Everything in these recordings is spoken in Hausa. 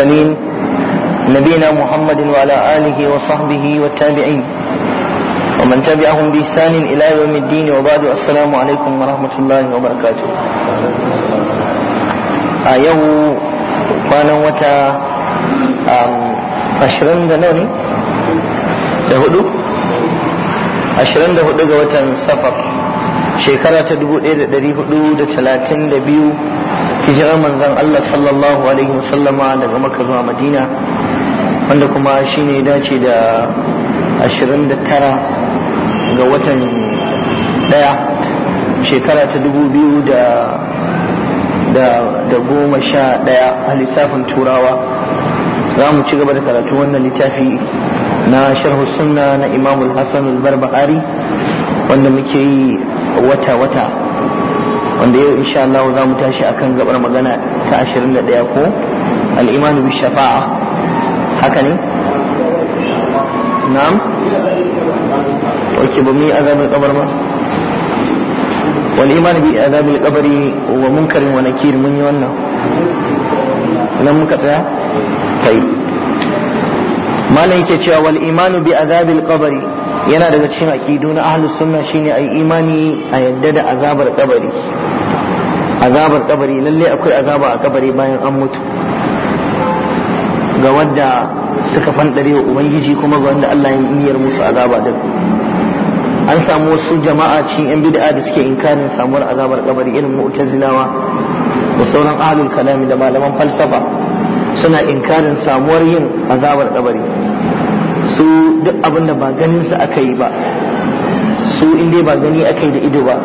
المرسلين نبينا محمد وعلى آله وصحبه والتابعين ومن تبعهم بإحسان إلى يوم الدين وبعد السلام عليكم ورحمة الله وبركاته أيه كان وتا ashirin da nawa ne da hudu ashirin da hudu ga watan safar shekara ta dubu ɗaya da ɗari hudu da talatin da biyu hijirar manzon Allah sallallahu alaihi wasallama daga maka zuwa madina wanda kuma shi ne dace da 29 ga watan daya shekara ta 2000 da goma sha daya a lissafin turawa za mu ci gaba da karatu wannan littafi na sharhu sunna na imamul hassan al-barbahari wanda muke yi wata-wata wanda yau insha Allah za mu tashi akan gabar magana ta 21 ko al-imanu bi shafa'a haka ne na'am oke ba mu yi azabin kabar ba wal iman bi azabil qabri wa munkarin wa nakir mun yi wannan nan muka tsaya kai malam yake cewa wal imanu bi azabil qabri yana daga cikin aqidu na ahlus sunna shine ai imani a yadda da azabar kabari azabar kabari lalle akwai azaba a kabari bayan an mutu ga wadda suka fandare wa ubangiji kuma ga wanda Allah ya niyyar musu azaba da an samu wasu jama'a cikin yan bid'a da suke inkarin samuwar azabar kabari irin mu'tazilawa da sauran ahlul kalami da malaman falsafa suna inkarin samuwar yin azabar kabari su duk abin da ba ganin su aka yi ba su in dai ba gani aka yi da ido ba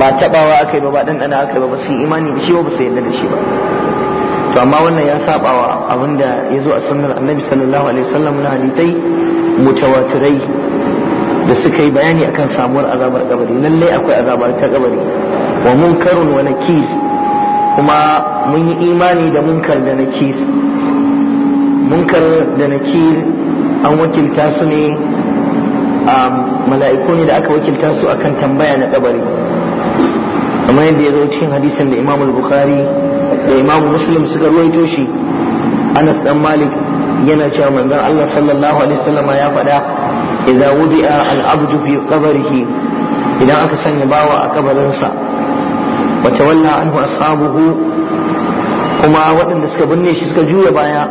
ba taɓawa aka yi ba ba ɗanɗana aka yi ba ba su yi imani da shi ba ba su yadda da shi ba to amma wannan ya sabawa abinda ya zo a sunnar annabi sallallahu alaihi wasallam na hadithai mutawatirai da suka yi bayani akan samuwar azabar kabari lallai akwai azabar ta kabari wa munkarun wa nakir kuma mun yi imani da munkar da nakir munkar da nakir an wakilta su ne um, mala'iku ne da aka wakilta su akan tambaya na kabari kamar yadda ya zo cikin hadisin da Imam Bukhari da imamu Muslim suka ruwaito shi Anas dan Malik yana cewa manzon Allah sallallahu alaihi wasallam ya faɗa idza wudi'a al-abdu fi qabrihi idan aka sanya bawa a kabarinsa wa tawalla anhu ashabuhu kuma waɗanda suka binne shi suka juya baya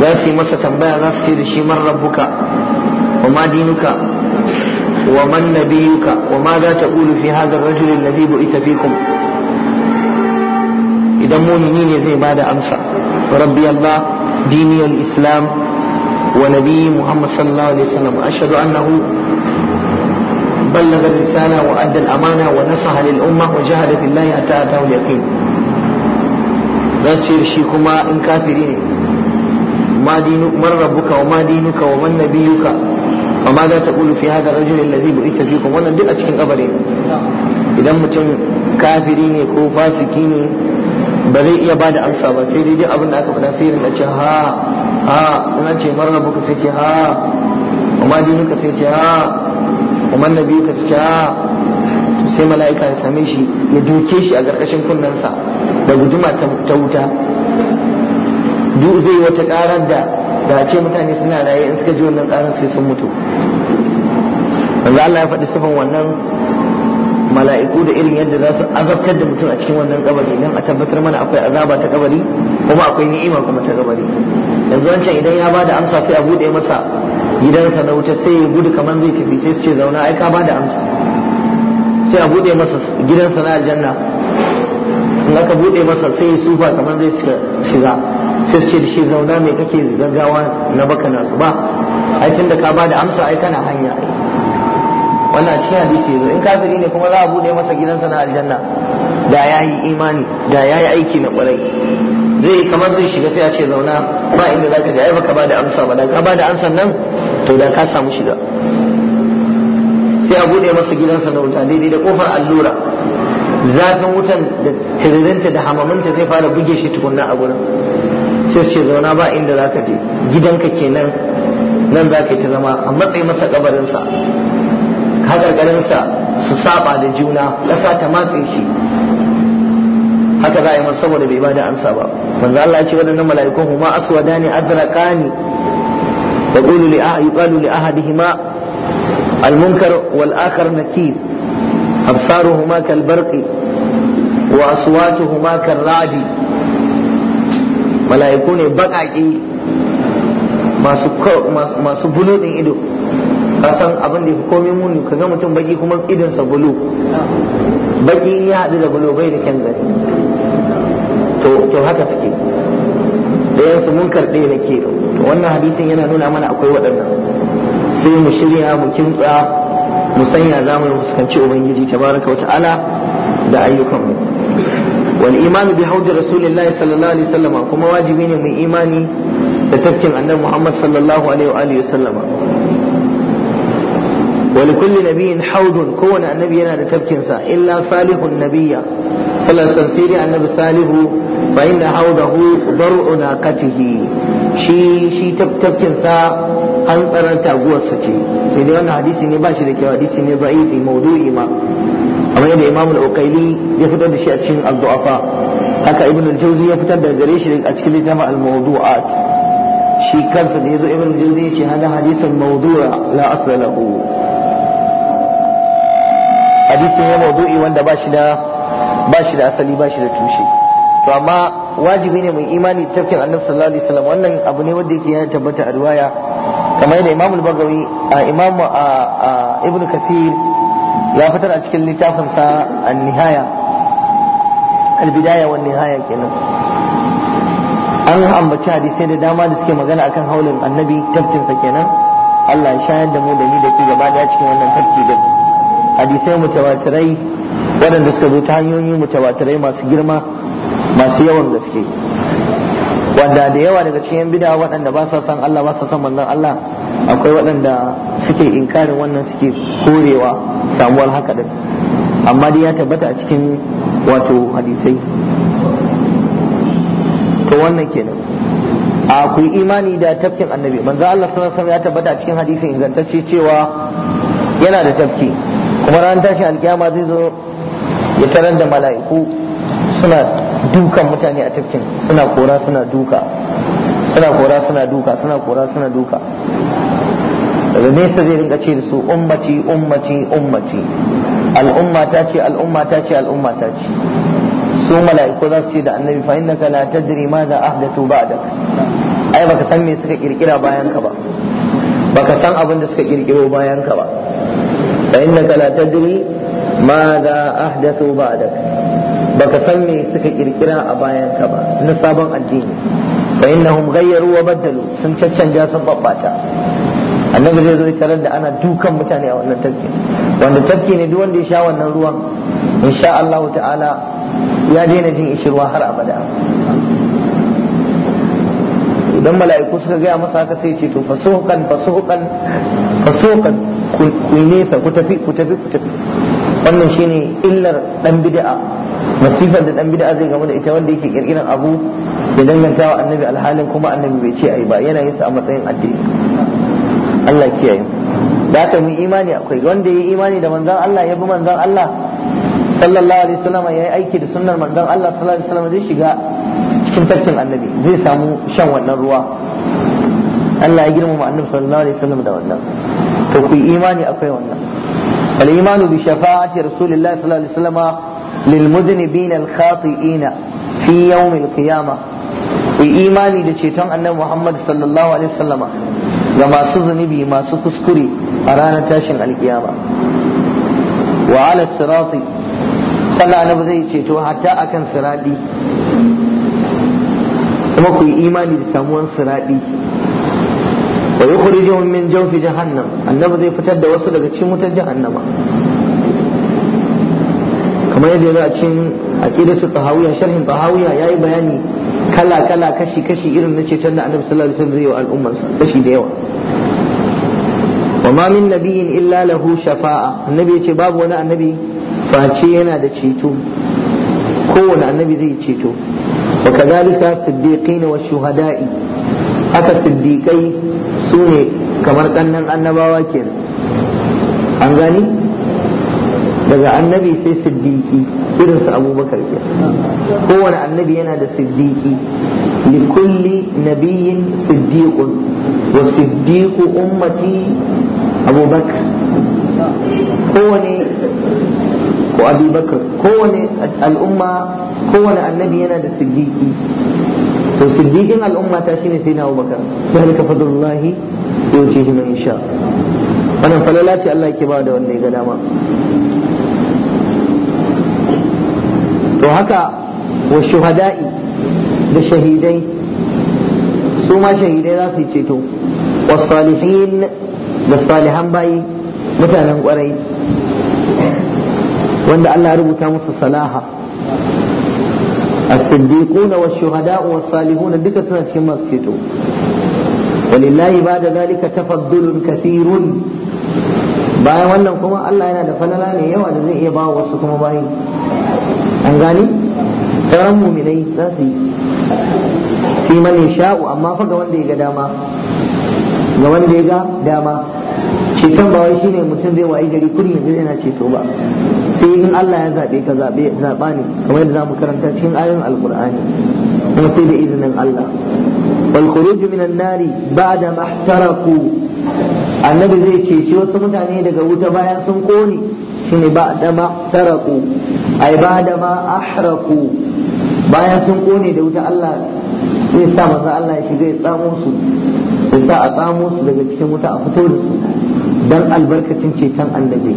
za su yi masa tambaya za su ce da shi man rabbuka wa ma dinuka ومن نبيك وماذا تقول في هذا الرجل الذي بئت فيكم إذا mumini ne zai ba da amsa rabbi Allah dini al-islam wa nabi Muhammad sallallahu alaihi wasallam بلغ الرسالة وأدى الأمانة ونصح للأمة وجهد في الله حتى أتاه اليقين غسر شيكما إن كافرين ما دينك من ربك وما دينك ومن نبيك fi تقول في da zai الذي fi kuma wannan duk a cikin kabari idan mutum kafiri ne ko fasiki ne ba zai iya ba da amsa ba sai dai abin da aka faɗa sai rinka ce ha ha ina ce marar buka sai ce ha kuma dininka sai ce ha kuma biyu ka ce ha sai mala'ika ya same shi ya duke shi a ƙarƙashin kunnensa da guduma ta wuta duk zai wata ƙarar da da ce mutane suna raye in suka ji wannan tsarin sai sun mutu wanda Allah ya faɗi sifan wannan mala'iku da irin yadda za su azabtar da mutum a cikin wannan kabari don a tabbatar mana akwai azaba ta kabari kuma akwai ni'ima kuma ta kabari yanzu wancan idan ya bada amsa sai a bude masa gidansa na wuta sai ya gudu kamar zai tafi sai su ce zauna ai ka bada amsa sai a bude masa gidansa na aljanna in aka bude masa sai ya sufa kamar zai shiga sai su ce da shi zauna mai kake gaggawa na baka na zuba ai tun da ka ba da amsa ai kana hanya wannan cikin hadisi yanzu in kafiri ne kuma za a bude masa gidansa na aljanna da ya yi imani da ya yi aiki na kwarai zai kamar zai shiga sai a ce zauna ba inda za ka ji ai baka ba da amsa ba da ka ba da amsa nan to da ka samu shiga sai a bude masa gidansa na wuta daidai da kofar allura zafin wutan da tiririnta da hamaminta zai fara buge shi tukunna a gurin sai ce zauna ba inda zaka ka je gidanka kenan nan za ka ta zama a matsayi masa kabarinsa haƙarƙarinsa su saba da juna ƙasa ta matse shi haka za a yi masa saboda bai bada ansa ba manzo Allah ya ce waɗannan mala'ikun huma ne. azraqani yaqulu li yuqalu li ahadihima al-munkar wal akhar nakir absaruhuma kal barqi wa aswatuhuma kal ra'di mala'iku ne bakaki masu masu bulu din ido ka san abin da ya fi komai muni ka ga mutum baki kuma idonsa bulu baki ya haɗu da bulu bai da kyan gari to haka suke da yansu mun karɗe na ke wannan hadisin yana nuna mana akwai waɗannan sai mu shirya mu kimtsa mu sanya za mu fuskanci ubangiji tabaraka wa ala da ayyukanmu wal imanu bi haudi rasulillahi sallallahu alaihi wasallama kuma wajibi ne mu imani da tafkin annabi Muhammad sallallahu alaihi wa alihi wasallama wa likulli nabiyyin haudun annabi yana da tafkin sa illa salihun nabiyya sallallahu alaihi wasallam annabi salihu fa inna haudahu dar'u naqatihi shi shi tafkin sa an taguwarsa ce sai dai wannan hadisi ne ba shi da kyau hadisi ne maudu'i ba. amma yadda imam al-uqaili ya fitar da shi a cikin al-du'afa haka ibn al-jawzi ya fitar da gare shi a cikin littafin al-mawdu'at shi kansa da yazo ibn al-jawzi ya ce hada hadisan mawdu'a la asla lahu hadisi ne mawdu'i wanda ba shi da ba shi da asali ba shi da tushe to amma wajibi ne mu imani tafkin annabi sallallahu alaihi wasallam wannan abu ne wanda yake ya tabbata a riwaya kamar yadda imam al-bagawi imam ibn kathir ya fitar a cikin littafinsa an-nihaya al-bidaya wan nihaya kenan an ambaci hadisai da dama da suke magana akan haulin annabi tafkinsa kenan Allah ya shayar da mu da ni da ke gaba da cikin wannan tafki din hadisai mutawatirai waɗanda suka zo ta hanyoyi mutawatirai masu girma masu yawan gaske wanda da yawa daga cikin bida waɗanda ba sa san Allah ba sa san manzon Allah akwai waɗanda suke inkarin wannan suke korewa samuwar haka din amma dai ya tabbata a cikin wato hadisai to wannan kenan a ku yi imani da tafkin annabi manzo Allah sallallahu alaihi ya tabbata a cikin hadisin ingantacce cewa yana da tafki kuma ran tashin alkiyama zai zo ya tarar da mala'iku suna dukan mutane a tafkin suna kora suna duka suna kora suna duka suna kora suna duka daga nesa zai rinka ce da su ummati ummati ummati al'umma ta ce al'umma ta ce al'umma ta ce su mala'iku za su ce da annabi fa innaka la tadri ma za ahdathu ba'dak ai baka san me suka kirkira bayan ka ba baka san abin da suka kirkiro bayan ka ba fa innaka la tadri ma za ahdathu ba'dak baka san me suka kirkira a bayan ka ba na sabon addini fa innahum ghayyaru wa badalu sun caccanja sun babbata annabi zai zo tarar da ana dukan mutane a wannan tafki wanda tafki ne duk wanda ya sha wannan ruwan insha Allah ta'ala ya daina jin ishirwa har abada idan mala'iku suka gaya masa haka sai ce to fasuhukan fasuhukan fasuhukan ku nesa ku tafi ku tafi ku tafi wannan shine illar dan bid'a masifar da dan bid'a zai gamu da ita wanda yake kirkiran abu da dangantawa annabi alhalin kuma annabi bai ce ai ba yana yin sa a matsayin addini Allah kiyaye da aka mu imani akwai wanda ya imani da manzon Allah ya bi manzon Allah sallallahu alaihi wasallam ya yi aiki da sunnar manzon Allah sallallahu alaihi wasallam zai shiga cikin tarkin annabi zai samu shan wannan ruwa Allah ya girmama annabi sallallahu alaihi wasallam da wannan to ku imani akwai wannan al imanu bi shafa'ati rasulillahi sallallahu alaihi wasallam lil mudnibin al khati'in fi yawm al qiyamah ku imani da ceton annabi Muhammad sallallahu alaihi wasallam ga masu zunubi masu kuskure a ranar tashin alkiyama wa ala sirati sallah annabi zai ceto hatta akan siradi kuma ku yi imani da samuwan siradi wa yukhrijuhum min jawfi jahannam annabi zai fitar da wasu daga cikin wutar jahannama kamar yadda ya a cikin aqidatu tahawiyya sharhin tahawiyya yayi bayani kala kala kashi kashi irin na ceton da annabi sallallahu alaihi wasallam zai wa al'ummarsa kashi da yawa wa ma min nabiyyin illa lahu shafa'a annabi ce babu wani annabi face yana da ceto kowane annabi zai ceto wa kadhalika siddiqin wa shuhada'i haka siddiqai sune kamar kannan annabawa kenan an gani daga annabi sai siddiqi irin su abubakar ke kowane annabi yana da siddiqi li kulli nabiyyin siddiqun wa siddiqu ummati abubakar kowane ko abubakar kowane al'umma kowane annabi yana da siddiqi to siddiqin al'umma ta shine sai na abubakar zalika fadlullahi yutihi man yasha wannan falala ce Allah yake ba da wanda ya ga dama to haka wa shuhada'i da shahidai su shahidai za su yi ceto wa salihin da salihan bayi mutanen kwarai wanda Allah ya rubuta musu salaha الصديقون والشهداء والصالحون duka suna cikin masu ceto walillahi ba da zalika tafaddulun kasirun bayan wannan kuma Allah yana da falala mai yawa da zai iya bawa wasu kuma bayi an gane sauran muminai za su yi fi mani sha'u amma fa ga wanda ya ga dama ga wanda ya ga dama ceton ba wai shine mutum zai wayi gari kullum yanzu yana ceto ba sai in Allah ya zabe ka zabe ne kamar yadda zamu karanta cikin ayoyin alqur'ani kuma sai da izinin Allah wal khuruj minan nari ba'da mahtaraku annabi zai ceci wasu mutane daga wuta bayan sun kone shine ba'dama taraku ai ba'dama ahraku bayan sun kone da wuta Allah zai sa maza Allah ya shiga ya tsamo su ya sa a tsamo su daga cikin wuta a fito da su dan albarkacin ceton annabi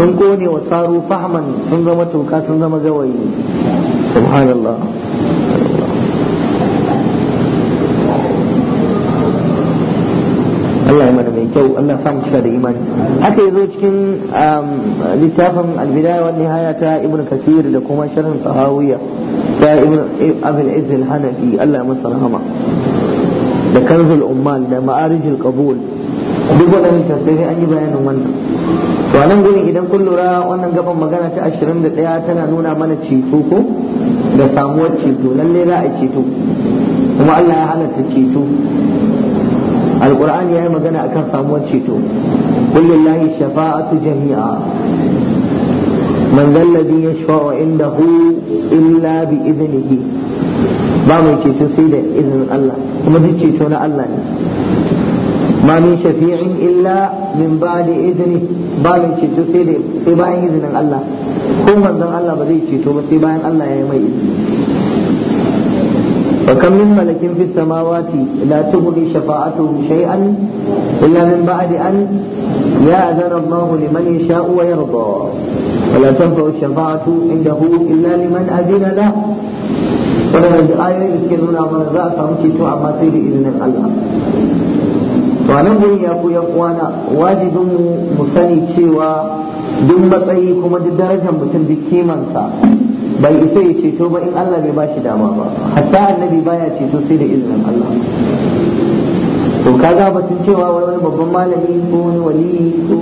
sun kone wa tsaro fahman sun zama toka sun zama gawayi subhanallah kyau Allah samu cika da imani haka yazo cikin um, littafin al-bidaya wa nihaya ta ibnu kasir da kuma sharhin tahawiya ta ibnu abul izz al-hanafi Allah masa rahama da duk waɗannan tafsirai an yi bayanin wannan to anan gurin idan kun lura wannan gaban magana ta 21 tana nuna mana ceto ko da samuwar ceto lalle za a ceto kuma Allah ya halatta ceto ya yi magana akan samuwar ceto kullillahi su jami'a man zalladhi yashfa'u indahu illa bi idnihi ba mai ceto sai da izinin Allah kuma duk ceto na Allah ne ma min shafi'in illa min ba'di idni ba mai ceto sai bayan izinin Allah ko manzon Allah ba zai ceto ba sai bayan Allah ya yi mai وكم من ملك في السماوات لا تغني شفاعتهم شيئا إلا من بعد أن يأذن الله لمن يشاء ويرضى ولا تنفع الشفاعة عنده إلا لمن أذن له waɗannan ayoyi suke nuna mana za a samu ceto amma sai da izinin Allah to a nan ya ku yan uwana wajibin mu sani cewa duk matsayi kuma duk darajar mutum duk kimansa bai isa ya ceto ba in Allah bai bashi dama ba hatta annabi baya ceto sai da izinin Allah to kaga batun cewa wani babban malami ko wani wali ko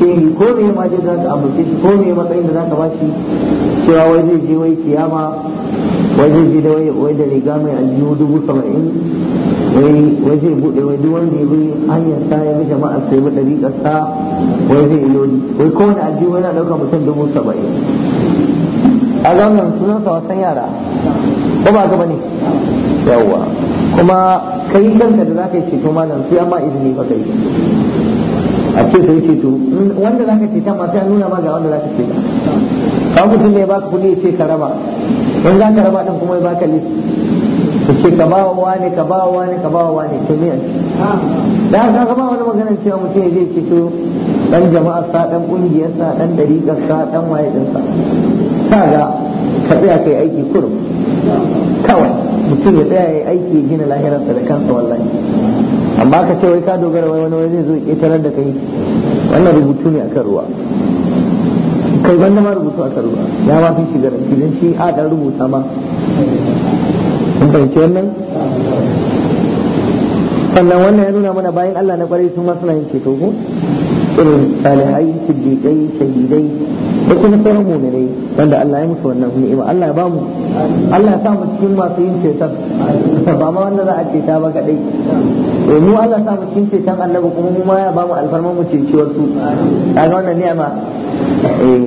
shehi ko me ma dai za ka amince shi ko me matsayin da za ka bashi cewa wai zai je wai kiyama wai zai je da wai da riga mai aljihu dubu saba'in wai zai bude wai duk wanda ya bi hanyar sa ya jama'ar jama'a sai bi ɗariƙar sa wai zai lodi wai kowane aljihu yana ɗauka mutum dubu saba'in a ga su zan sa wasan yara ko ba gaba ne yawwa kuma kai kanka da ka yi ceto malam sai ma izini ba kai a ce sai ceto wanda za ka ceta ma sai an nuna ma ga wanda za ka ceta ka mutum ne baka kuɗi ya ce ka raba in za ka raba ɗin kuma ya baka list ka ce ka ba wa ne ka ba wa ne ka ba wa ne ce me da haka ka ba wani maganar cewa mutum ya zai ceto dan jama'a sa dan kungiyar sa dan dariƙar sa dan waye din sa ga ka tsaya kai aiki kurum kawai mutum ya tsaya yayi aiki ya gina lahirarsa da kansa wallahi amma ka ce wai ka dogara wai wani wai zai zo ya tarar da kai wannan rubutu ne akan ruwa kai banda ma rubutu akan ruwa ya ma fi shigar filin shi a dan rubuta ma kun fahimci wannan sannan wannan ya nuna mana bayan Allah na kwarai sun ma suna yin ceto ko irin salihai siddiƙai shahidai da kuma sauran mu'minai wanda Allah ya musu wannan ni'ima Allah ya ba mu Allah ya sa mu cikin masu yin ceton ba ma wanda za a ceta ba kadai mu Allah ya sa mu cikin ceton annabi kuma mu ma ya ba mu alfarman mu cecewar su kaga wannan ni'ima eh.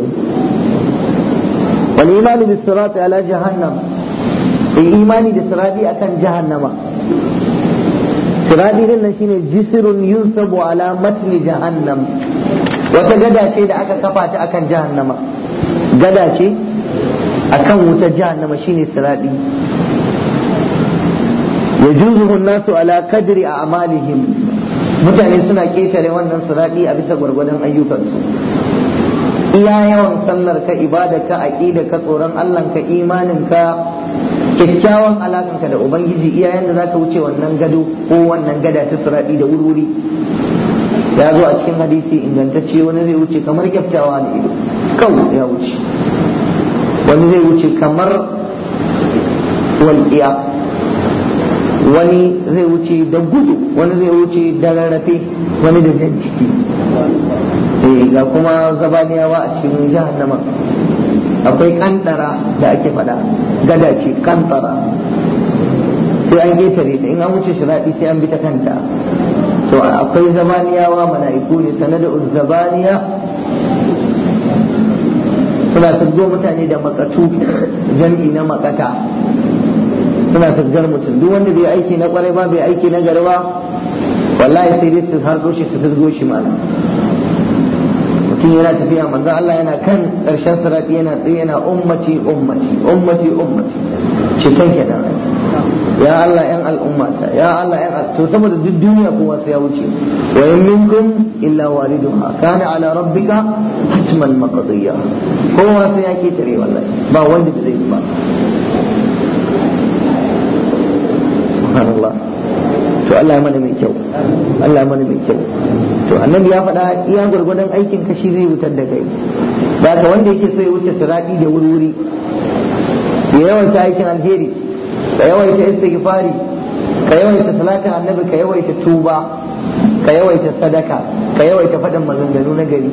wal imani bis sirati ala jahannam imani da sirati akan jahannama siradi din nan shine jisrun yunsabu ala matni jahannam wata gada ce da aka kafa ta akan jahannama gada ce akan wuta jahannama shine siradi yajuzuhu nasu ala kadri a'malihim mutane suna ketare wannan siradi a bisa gwargwadon ayyukansu iya yawan sallar ka ibada ka aqida ka tsoron Allah ka imanin ka kyakkyawan alaƙanka da ubangiji iyayen da zaka wuce wannan gado ko wannan gada ta siradi da wuri ya zo a cikin hadisi ingantacce wani zai wuce kamar kyakkyawa da ido kawai ya wuce wani zai wuce kamar walƙiya wani zai wuce da gudu wani zai wuce da rarrafe wani da jan ciki eh, ga kuma zabaniyawa a cikin nama. akwai kantara da ake faɗa gada ce kantara sai an getare ta in an wuce shiraɗi sai an bi ta kanta to akwai zamaniyawa mala'iku ne sanada uzzabaniya suna turgo mutane da makatu jam'i na makata suna turgar mutum duk wanda bai aiki na kwarai ba bai aiki na gari ba wallahi sai dai su harzo shi su turgo shi ma. mutum yana tafiya manzo Allah yana kan karshen sarati yana tsaye yana ummati ummati ummati ummati ceton kenan ya Allah yan al'ummata ya Allah yan to saboda duk duniya kowa sai ya wuce wa in minkum illa waliduha kana ala rabbika hatman maqdiya kowa sai ya ke tare wallahi ba wanda zai ba to Allah ya mana mai kyau Allah ya mana mai kyau to annabi ya faɗa iya gurgurdan aikin ka shi zai wutar da kai Ba ka wanda yake so ya wuce sirati da wuri-wuri yawan ta aikin alheri ka yawaita istighfari ka yawaita salatin annabi ka yawaita tuba ka yawaita sadaka ka yawaita faɗin maganganu na gari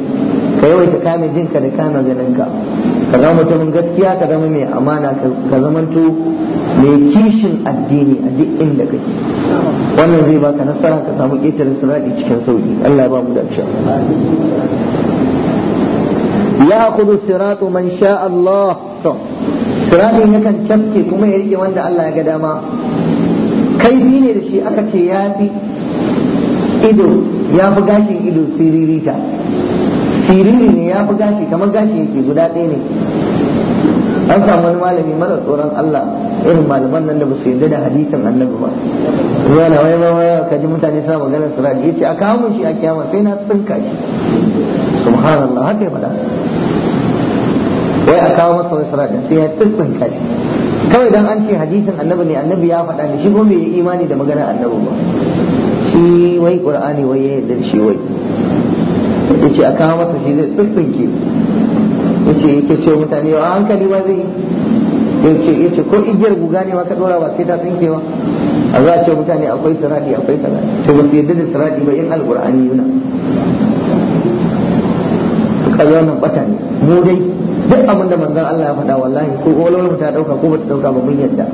ka yawaita kame jinka da kame ganinka ka zama mutumin gaskiya ka zama mai amana ka zamanto mai kishin addini a duk inda kake wannan zai baka nasara ka samu ƙetare sirati cikin sauki Allah ya ba mu dace ya akudu siratu man sha Allah to sirati yakan cafke kuma ya rike wanda Allah ya ga dama kaifi ne da shi aka ce ya fi ido ya fi gashin ido siririta siriri ne ya fi gashi kamar gashi yake guda ɗaya ne an samu wani malami mara tsoron Allah irin malaman nan da ba su yarda da hadisin annabi ba na wai ba wai ka ji mutane suna maganar sirati yace a kawo shi a kiyama sai na tsinka shi subhanallah haka ya faɗa wai a kawo masa wai sirati sai ya tsinka shi kawai dan an ce hadisin annabi ne annabi ya faɗa ne shi kuma bai imani da maganar annabi ba shi wai qur'ani wai ya yarda shi wai yace a kawo masa shi zai shi ce yake ce mutane a hankali ma zai yau yau ce ko igiyar guga ne ma dora ba sai ta tsinkewa a za a ce mutane akwai sirati akwai sirati to ba su yadda da sirati ba in alqur'ani yuna kaga wannan bata ne mu dai duk abinda manzon Allah ya faɗa wallahi ko wani ta dauka ko bata dauka ba mun yadda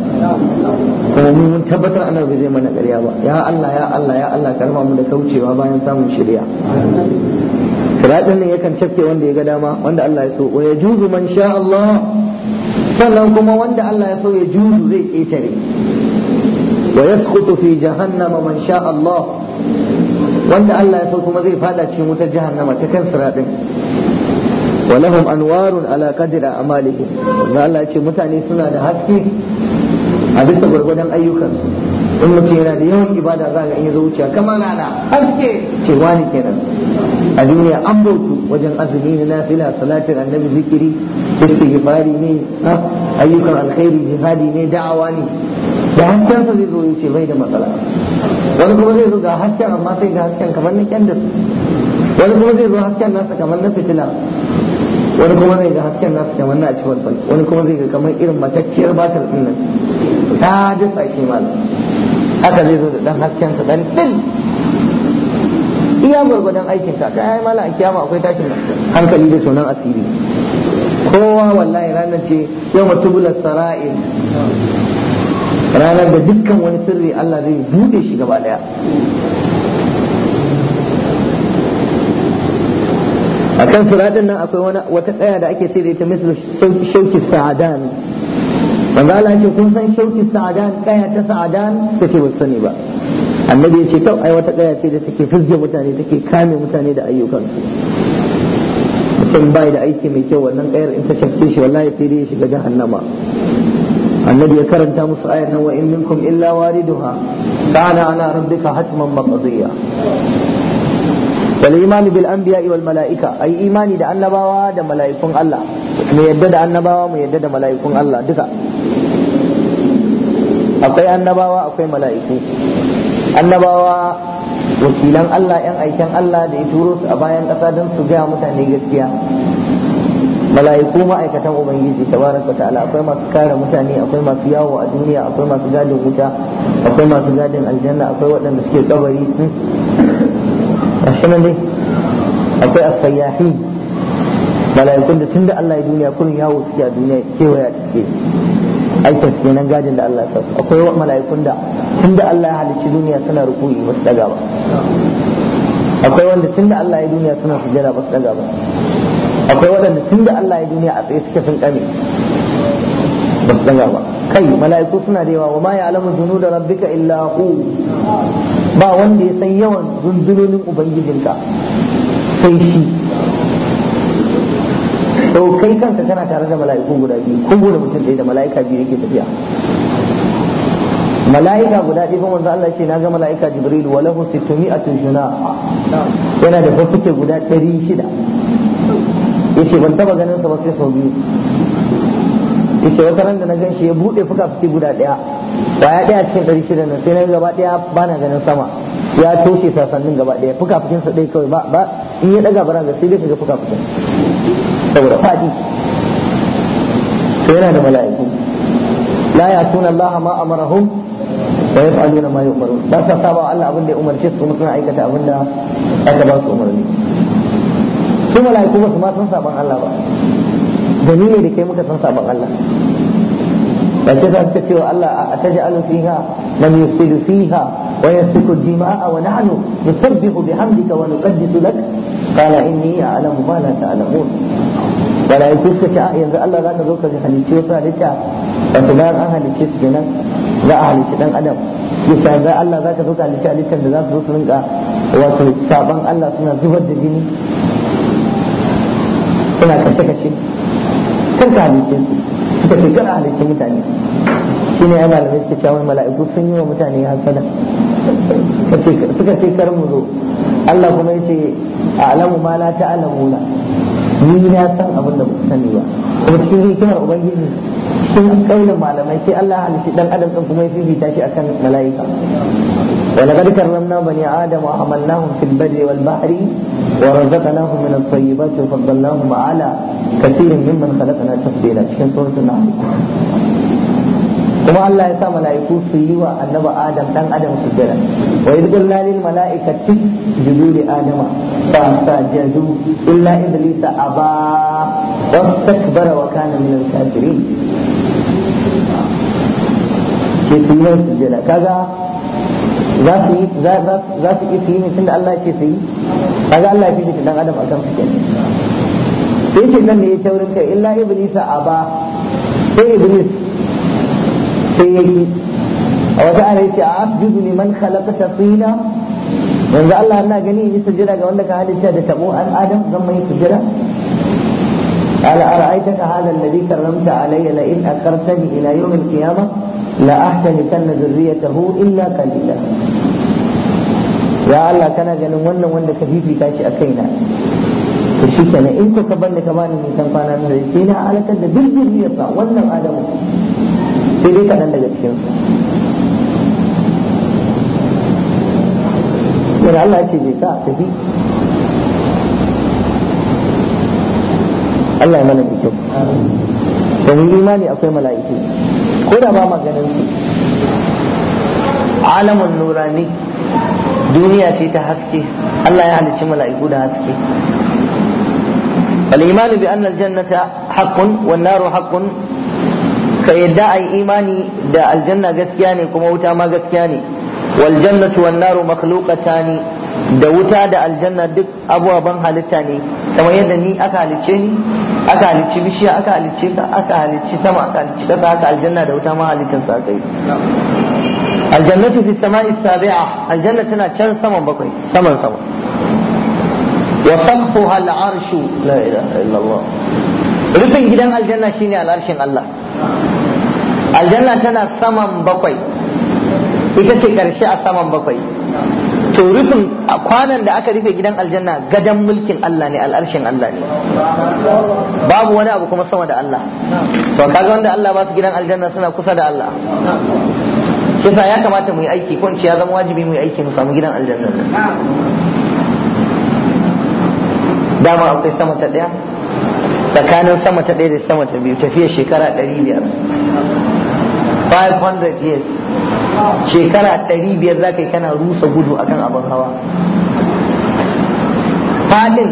kuma mun tabbatar annabi zai mana ƙarya ba ya Allah ya Allah ya Allah karma mu da kaucewa bayan samun shari'a raɗin nan yakan cafke wanda ya ga dama wanda Allah ya so wa yajuzu man sha Allah sannan kuma wanda Allah ya so ya juzu zai ƙetare wa yasqutu fi jahannama man sha Allah wanda Allah ya so kuma zai fada cikin wutar jahannama ta kan siratin wa lahum anwarun ala qadri amalihim wanda Allah ya ce mutane suna da haske a bisa gwargwadon ayyukansu in mutum yana da yawan ibada za ga in yazo wuciya kamar rana haske ce wani kenan a duniya an bautu wajen azumi na nafila salatin annabi zikiri istighfari ne ayyukan alkhairi jihadi ne da'awa ne da hasken sa zai zo wuce bai da matsala wani kuma zai zo ga hasken amma sai ga hasken kamar na kyandir wani kuma zai zo hasken nasa kamar na fitila wani kuma zai ga hasken nasa kamar na ciwon wani kuma zai ga kamar irin matacciyar batar din nan ta dutsa shi malam haka zai zo da dan haskensa dan din iya gwargwadon aikin ka kai mala a kiyama akwai tashin hankali da sunan asiri kowa wallahi ranar ce yau matubula sara'il ranar da dukkan wani sirri Allah zai bude shi gaba daya akan siratin nan akwai wata tsaya da ake ce da ita mislu shauki sa'adan manzo Allah ce kun san shauki sa'adan kaya ta sa'adan take ba sani ba annabi ya ce kau ai wata kaya ce da take fizge mutane take kame mutane da ayyukansu mutum bai da aiki mai kyau wannan kayar in ta shafe shi wallahi sai dai ya shiga jahannama annabi ya karanta musu ayar nan wa in minkum illa wariduha kana ala rabbika hatman maqdiya wal imani bil anbiya'i wal mala'ika ai imani da annabawa da mala'ikun Allah mu yadda da annabawa mu yadda da mala'ikun Allah duka akwai annabawa akwai mala'iku annabawa wakilan Allah yan aikin Allah da ya turo su a bayan ƙasa don su gaya mutane gaskiya mala'iku ma'aikatan ubangiji tabaraka ta'ala akwai masu kare mutane akwai masu yawo a duniya akwai masu gadin wuta akwai masu gadin aljanna akwai waɗanda suke kabari ashe ne akwai asayyahi mala'ikun da tunda Allah ya duniya kullum yawo suke a duniya kewaya suke aikata kenan gadin da Allah ya akwai mala'ikun da tunda Allah ya halicci duniya suna ruku'i ba su daga ba akwai wanda tunda Allah ya duniya suna sujada ba su daga ba akwai waɗanda tunda Allah ya duniya a tsaye suke sun kame ba su daga ba kai mala'iku suna da yawa wa ma ya'lamu junuda rabbika illa hu ba wanda ya san yawan rundunonin ubangijinka sai shi sau kai kanka kana tare da mala'ikun guda biyu kowane mutum ɗaya da mala'ika biyu yake tafiya mala'ika guda ɗaya kuma manzo Allah ce na ga mala'ika Jibril wa lahu 600 juna yana da fuske guda 600 yace ban taba ganin sa ba sai sau biyu yace wata ran da na gan shi ya bude fuka-fuki guda ɗaya baya ɗaya cikin 600 nan sai na gaba ɗaya bana ganin sama ya toshe sasannin gaba ɗaya fuka sa ɗaya kawai ba ba in ya ɗaga bara sai dai ka ga fuka-fukin saboda fadi to yana da mala'iku la ya'tuna Allah ma amarahum wa yaf'aluna ma yu'marun ba sa saba Allah abin da ya umarce su kuma suna aikata abin da aka ba su umarni su mala'iku ba su ma san saban Allah ba gani ne da kai muka san saban Allah ba ce za suka cewa Allah a taj'alu fiha man yufsidu fiha ويسفك الدماء ونحن نسبح بحمدك ونقدس لك قال إني أعلم ما لا تعلمون malaiku suka ce yanzu Allah za ka zo ka halice wasu halitta ba su bayan an halice su kenan za a halice dan adam ya ce yanzu Allah za ka zo ka halice halittar da za su zo su rinka wato saban Allah suna zubar da jini suna kashe kashe kan ka halice su suka ce kana halice mutane shi ne yana da suke cewa mala'iku sun yi wa mutane hasada suka ce kar mu zo Allah kuma ya ce a alamu ma la ta'alamuna ni na san abin da kuka sani ba kuma cikin rikimar ubangiji sun kaunin malamai sai Allah halitta dan adam din kuma ya fifita shi akan malaika wa laqad karramna bani adama wa hamalnahum fil badri wal bahri wa razaqnahum min at-tayyibati wa faddalnahum ala katirin mimman khalaqna tafdila cikin suratul nahl kuma Allah ya sa mala'iku su yi wa annaba Adam dan Adam sujjada wa idh qulna lil mala'ikati isjudu li Adam fa sajadu illa iblis aba wa istakbara wa kana min al-kafirin ke su yi sujjada kaga za su yi za za su yi tunda Allah ke su yi kaga Allah ya fice dan Adam akan sujjada sai ce nan ne ya taurin kai illa iblis aba sai iblis سيدي وقال هيك اعجبني من خلق تقينا وان الله انا جني يسجل لك هذه الشهاده تبو ادم قال ارايتك هذا الذي كرمت علي لئن اخرتني الى يوم القيامه لاحتلكن ذريته الا قليلا يا الله كان جنون ون ون كفيفي تاشي اكينا shi ke nan in kuka banda ka bani mai tamfana na rikina alakar da duk zuriyar ba wannan adamu sai dai kaɗan daga cikin su yana Allah ce bai sa a tafi Allah ya mana da kyau domin imani akwai mala'iku ko da ba maganin su alamun nurani duniya ce ta haske Allah ya halicci mala'iku da haske الإيمان بأن الجنة حق والنار حق ka yadda a yi imani da aljanna gaskiya ne kuma wuta ma gaskiya ne wal jannatu wan naru makhluqatani da wuta da aljanna duk abubuwan halitta ne kamar yadda ni aka halicce ni aka halicci bishiya aka halicce ka aka halicci sama aka halicci kasa aka aljanna da wuta ma halittan sa aljannatu fi samai sabi'a aljanna tana can saman bakwai saman sama wa saqfuha gidan aljanna shine al Allah aljanna tana saman bakwai ita ce karshe a saman bakwai to rufin kwanan da aka rufe gidan aljanna gadon mulkin Allah ne al'arshin Allah ne babu wani abu kuma sama da Allah to kaga wanda Allah ba su gidan aljanna suna kusa da Allah kisa ya kamata mu yi aiki ko ya zama wajibi mu yi aiki mu samu gidan aljanna dama akwai sama ta daya tsakanin sama ta daya da sama ta biyu tafiya shekara 500 hundred years shekara biyar za ka yi kana rusa gudu akan abin hawa faɗin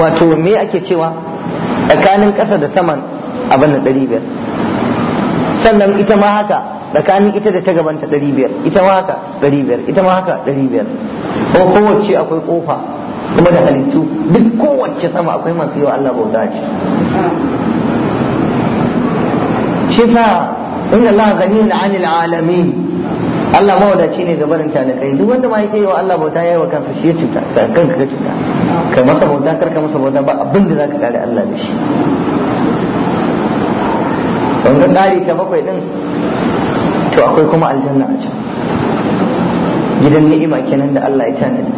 wato me ake cewa tsakanin ƙasa da saman abin da biyar sannan ita ma haka tsakanin ita da ta gabanta biyar ita ma haka biyar ita ma haka biyar ko kowace akwai kofa kuma da halittu duk kowace sama akwai masu yi wa Allah bauta ce shi sa inna Allah ghaniyun 'anil 'alamin Allah mawadaci ne ga barin talakai duk wanda ma yake yi wa Allah bauta yayi wa kansa shi ya cuta kanka ka cuta kai masa bauta kar ka masa bauta ba abin da zaka kare Allah da shi wannan dari ta bakwai din to akwai kuma aljanna a can gidan ni'ima kenan da Allah ya tanadi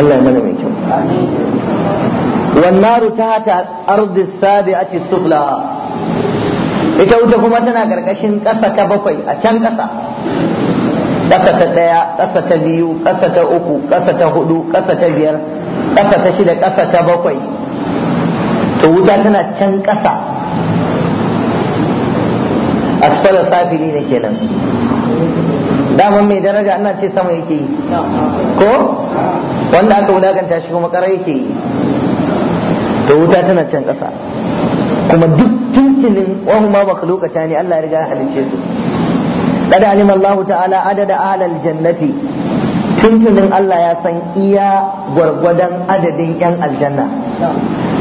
Allah ya mana mai kyau amin wannaru ta hata ardi السفلى a sufla ita wuta kuma tana ƙarƙashin ƙasa ta bakwai a can ƙasa ƙasa ta ɗaya ƙasa ta biyu ƙasa ta uku ƙasa ta hudu ƙasa ta biyar ƙasa ta shida ƙasa ta bakwai to wuta tana can ƙasa asfala safili ne kenan daman mai daraja ana ce sama yake yi ko wanda aka wulakanta shi kuma ƙara yake yi da wuta tana can ƙasa kuma duk tuntunin wahu ma baka lokata ne Allah ya riga ya halice su da alima Allah ta'ala adada ahlal jannati tuntunin Allah ya san iya gwargwadon adadin yan aljanna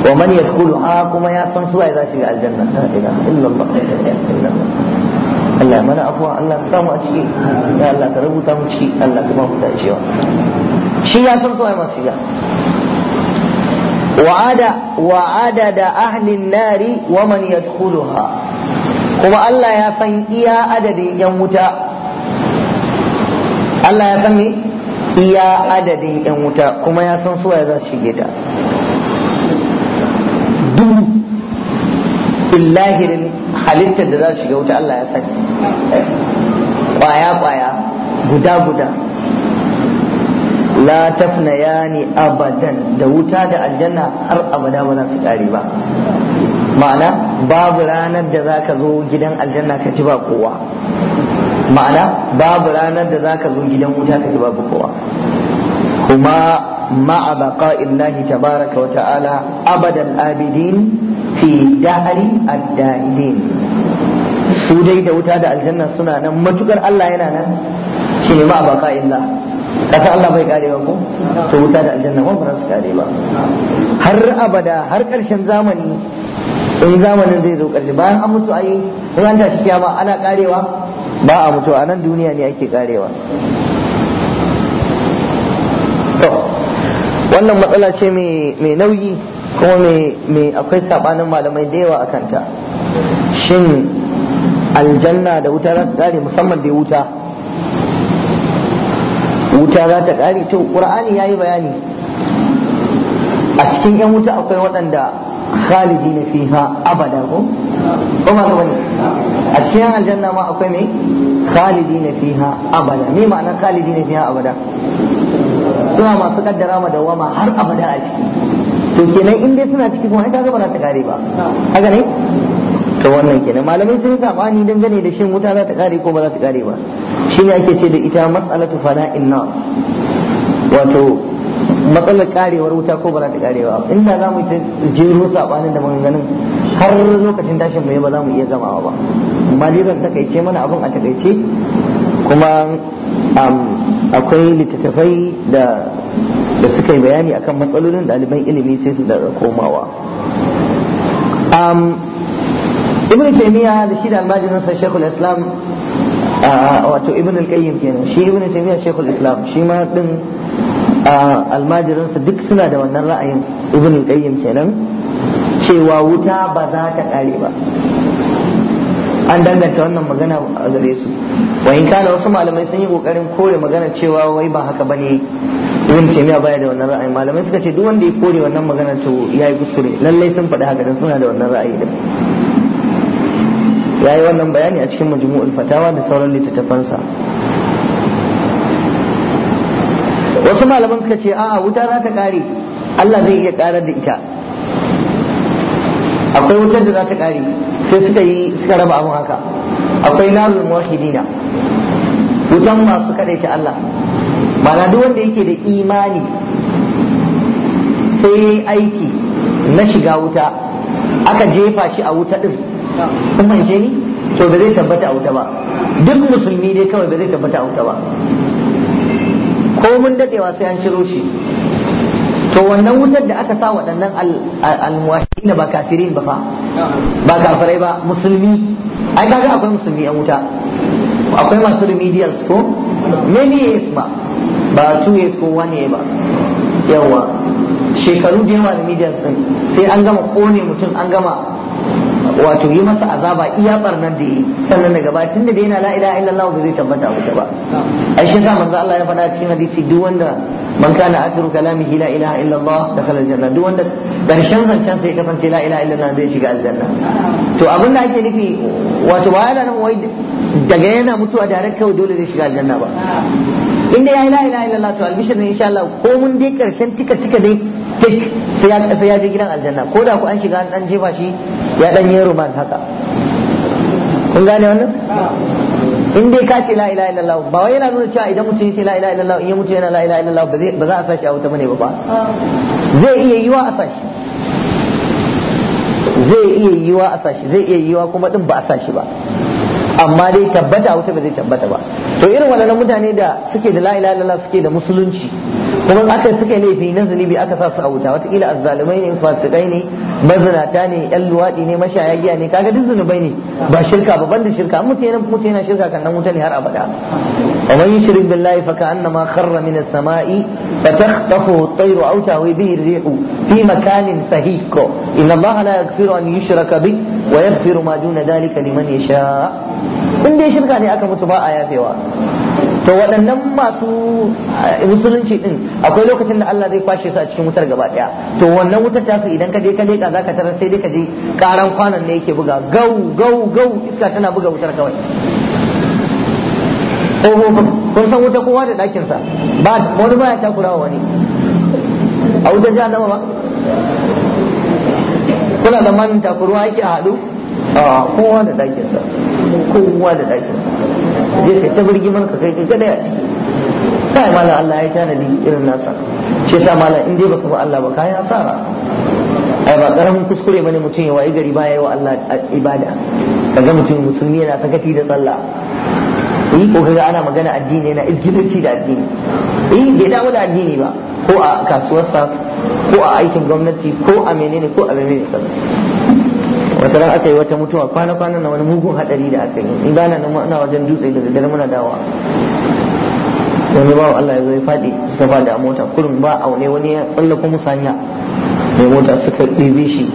wa man a kuma ya san suwaye za su ga aljanna la ilaha illallah Allah mana afwa Allah ka samu a ciki ya Allah ka rubuta mu ciki Allah ka ba mu ciwa shi ya san suwaye masu shiga wa'ada da ahlin nari wa man yadkhuluha kuma Allah ya san iya adadin yan wuta Allah ya san me iya adadin yan wuta kuma ya san suwaye za su shige ta duk illahirin halittar da za su shiga wuta Allah ya san kwaya kwaya guda guda la tafnayani abadan da wuta da aljanna har abada ba za su kare ba ma'ana babu ranar da za ka zo gidan aljanna ka ci ba kowa ma'ana babu ranar da za ka zo gidan wuta ka ci babu kowa kuma ma'a baqa illahi tabaraka wa ta'ala abadan abidin fi dahari ad-da'idin su dai da wuta da aljanna suna nan matukar Allah yana nan shi ne ma'a baqa illah kasa Allah bai kare ba ko to wuta da aljanna ba ba su kare ba har abada har karshen zamani in zamanin zai zo karshe bayan an mutu ayi in an tashi kiyama ana karewa ba a mutu a nan duniya ne ake karewa to wannan matsala ce mai nauyi kuma mai akwai sabanin malamai da yawa a kanta shin aljanna da wuta za su kare musamman da wuta wuta za ta ƙare to ƙur'ani ya yi bayani a cikin 'yan wuta akwai waɗanda khalidi na ha abada ko ko ba ka bane a cikin aljanna ma akwai me khalidi na ha abada me ma'ana khalidi na ha abada suna masu kaddara ma dawama har abada a ciki to kenan in dai suna ciki kuma ai kaga ba za ta kare ba haka ne ta wannan kenan malamai sun sabani dangane da shin wuta za ta kare ko ba za ta kare ba shi ne ake ce da ita matsalatu fana'in nar wato matsalar karewar wuta ko ba za ta karewa inda za mu ta jiro sabanin da maganganun har lokacin tashin mai ba za mu iya gamawa ba amma dai zan takaice mana abin a takaice kuma akwai littattafai da da suka yi bayani akan matsalolin ɗaliban ilimi sai su da komawa ibn taymiya da shi da almajirin sa shaykhul a wato ibn al-qayyim shi ibn taymiya shaykhul islam shi ma din almajirin sa duk suna da wannan ra'ayin ibn al-qayyim cewa wuta ba za ta kare ba an danganta wannan magana a gare su wayin kana wasu malamai sun yi kokarin kore magana cewa wai ba haka bane ibn taymiya baya da wannan ra'ayi malamai suka ce duk wanda ya kore wannan magana to yayi kuskure lallai sun faɗi haka dan suna da wannan ra'ayi din ya yi wannan bayani a cikin majmu'ul fatawa da sauran littattafansa wasu malaman suka ce a'a wuta za ta kare Allah zai iya karar da ita akwai wutar da za ta kare sai suka yi suka raba abin haka akwai narul muwahhidina wutan masu ta Allah ma'ana duk wanda yake da imani sai aiki na shiga wuta aka jefa shi a wuta din kun fahimce ni to ba zai tabbata a wuta ba duk musulmi dai kawai ba zai tabbata a wuta ba ko mun dadewa sai an shiro shi to wannan wutar da aka sa waɗannan almuwahidin ba kafirin ba fa ba kafirai ba musulmi ai kaga akwai musulmi a wuta akwai masu remedials ko many years ba ba two years ko one year ba yawa shekaru da yawa remedials din sai an gama kone mutum an gama wato yi masa azaba iya barnar da yi sannan daga ba tun da dai na la ilaha illallah ba zai tabbata wuta ba ai shi sa manzo Allah ya faɗa cikin hadisi duk wanda man kana akhiru kalamihi la ilaha da dakhala aljanna duk wanda karshen zancen sai kasance la ilaha illallah zai shiga aljanna to abin da ake nufi wato ba yana nan wai daga yana mutuwa da kawai dole zai shiga aljanna ba inda ya yi la ilaha illallah to albishir ne insha Allah ko mun dai karshen tika tika dai tik sai ya sai ya je gidan aljanna ko da ku an shiga an jefa shi ya dan yi ruman haka kun gane wannan in dai ka ce la ilaha illallah ba wai yana nuna cewa idan mutum ya ce la ilaha illallah in ya mutu yana la ilaha illallah ba za a sashi a wuta bane ba zai iya yiwa a sashi zai iya yiwa a sashi zai iya yiwa kuma din ba a sashi ba amma dai tabbata wuta ba zai tabbata ba to irin waɗannan mutane da suke da la ilaha illallah suke da musulunci kuma aka suka laifi na zunubi aka sa su a wuta watakila azzalumai ne fasikai ne mazinata ne yan luwaɗi ne mashaya giya ne kaga duk zunubai ne ba shirka ba banda shirka an mutu mutu yana shirka kan nan wuta ne har abada wa man yushrik billahi fa annama kharra min as-sama'i فتخطفه الطير أو تهوي به fi Makanin مكان سهيق إن الله لا يغفر أن يشرك به ويغفر ma دون ذلك لمن يشاء in dai shirka ne aka mutu ba a yafewa to waɗannan masu eh, musulunci din akwai lokacin da Allah zai kwashe su a cikin wutar gaba ɗaya to wannan wutar ta su idan ka je ka za zaka tarar sai dai ka je karan kwanan ne yake buga gau gau gau iska tana buga wutar kawai oho kun san wuta kowa da ɗakinsa ba wani baya kurawa wani a wutar jihar ba kuna da man takurwa yake a haɗu kowa da ɗakinsa kowa da ɗakinsa je ka ta birgiman ka kai ka kadai a ciki Allah ya tanadi irin nasa shi yasa malam in dai baka ba Allah ba kai asara ai ba karamin kuskure bane mutum ya wayi gari ba yayi wa Allah ibada kaga mutum musulmi yana sakati da sallah eh ko kaga ana magana addini yana izgilanci da addini eh bai dawo da addini ba ko a kasuwarsa ko a aikin gwamnati ko a menene ko a menene wata ran aka yi wata mutuwa kwana kwana na wani mugun hadari da aka yi in na nan ana wajen dutse da daddare muna dawa wani ba Allah ya zo ya faɗi ta faɗi a mota kurin ba a wani wani ya tsalla kuma sanya mai mota suka ɗebe shi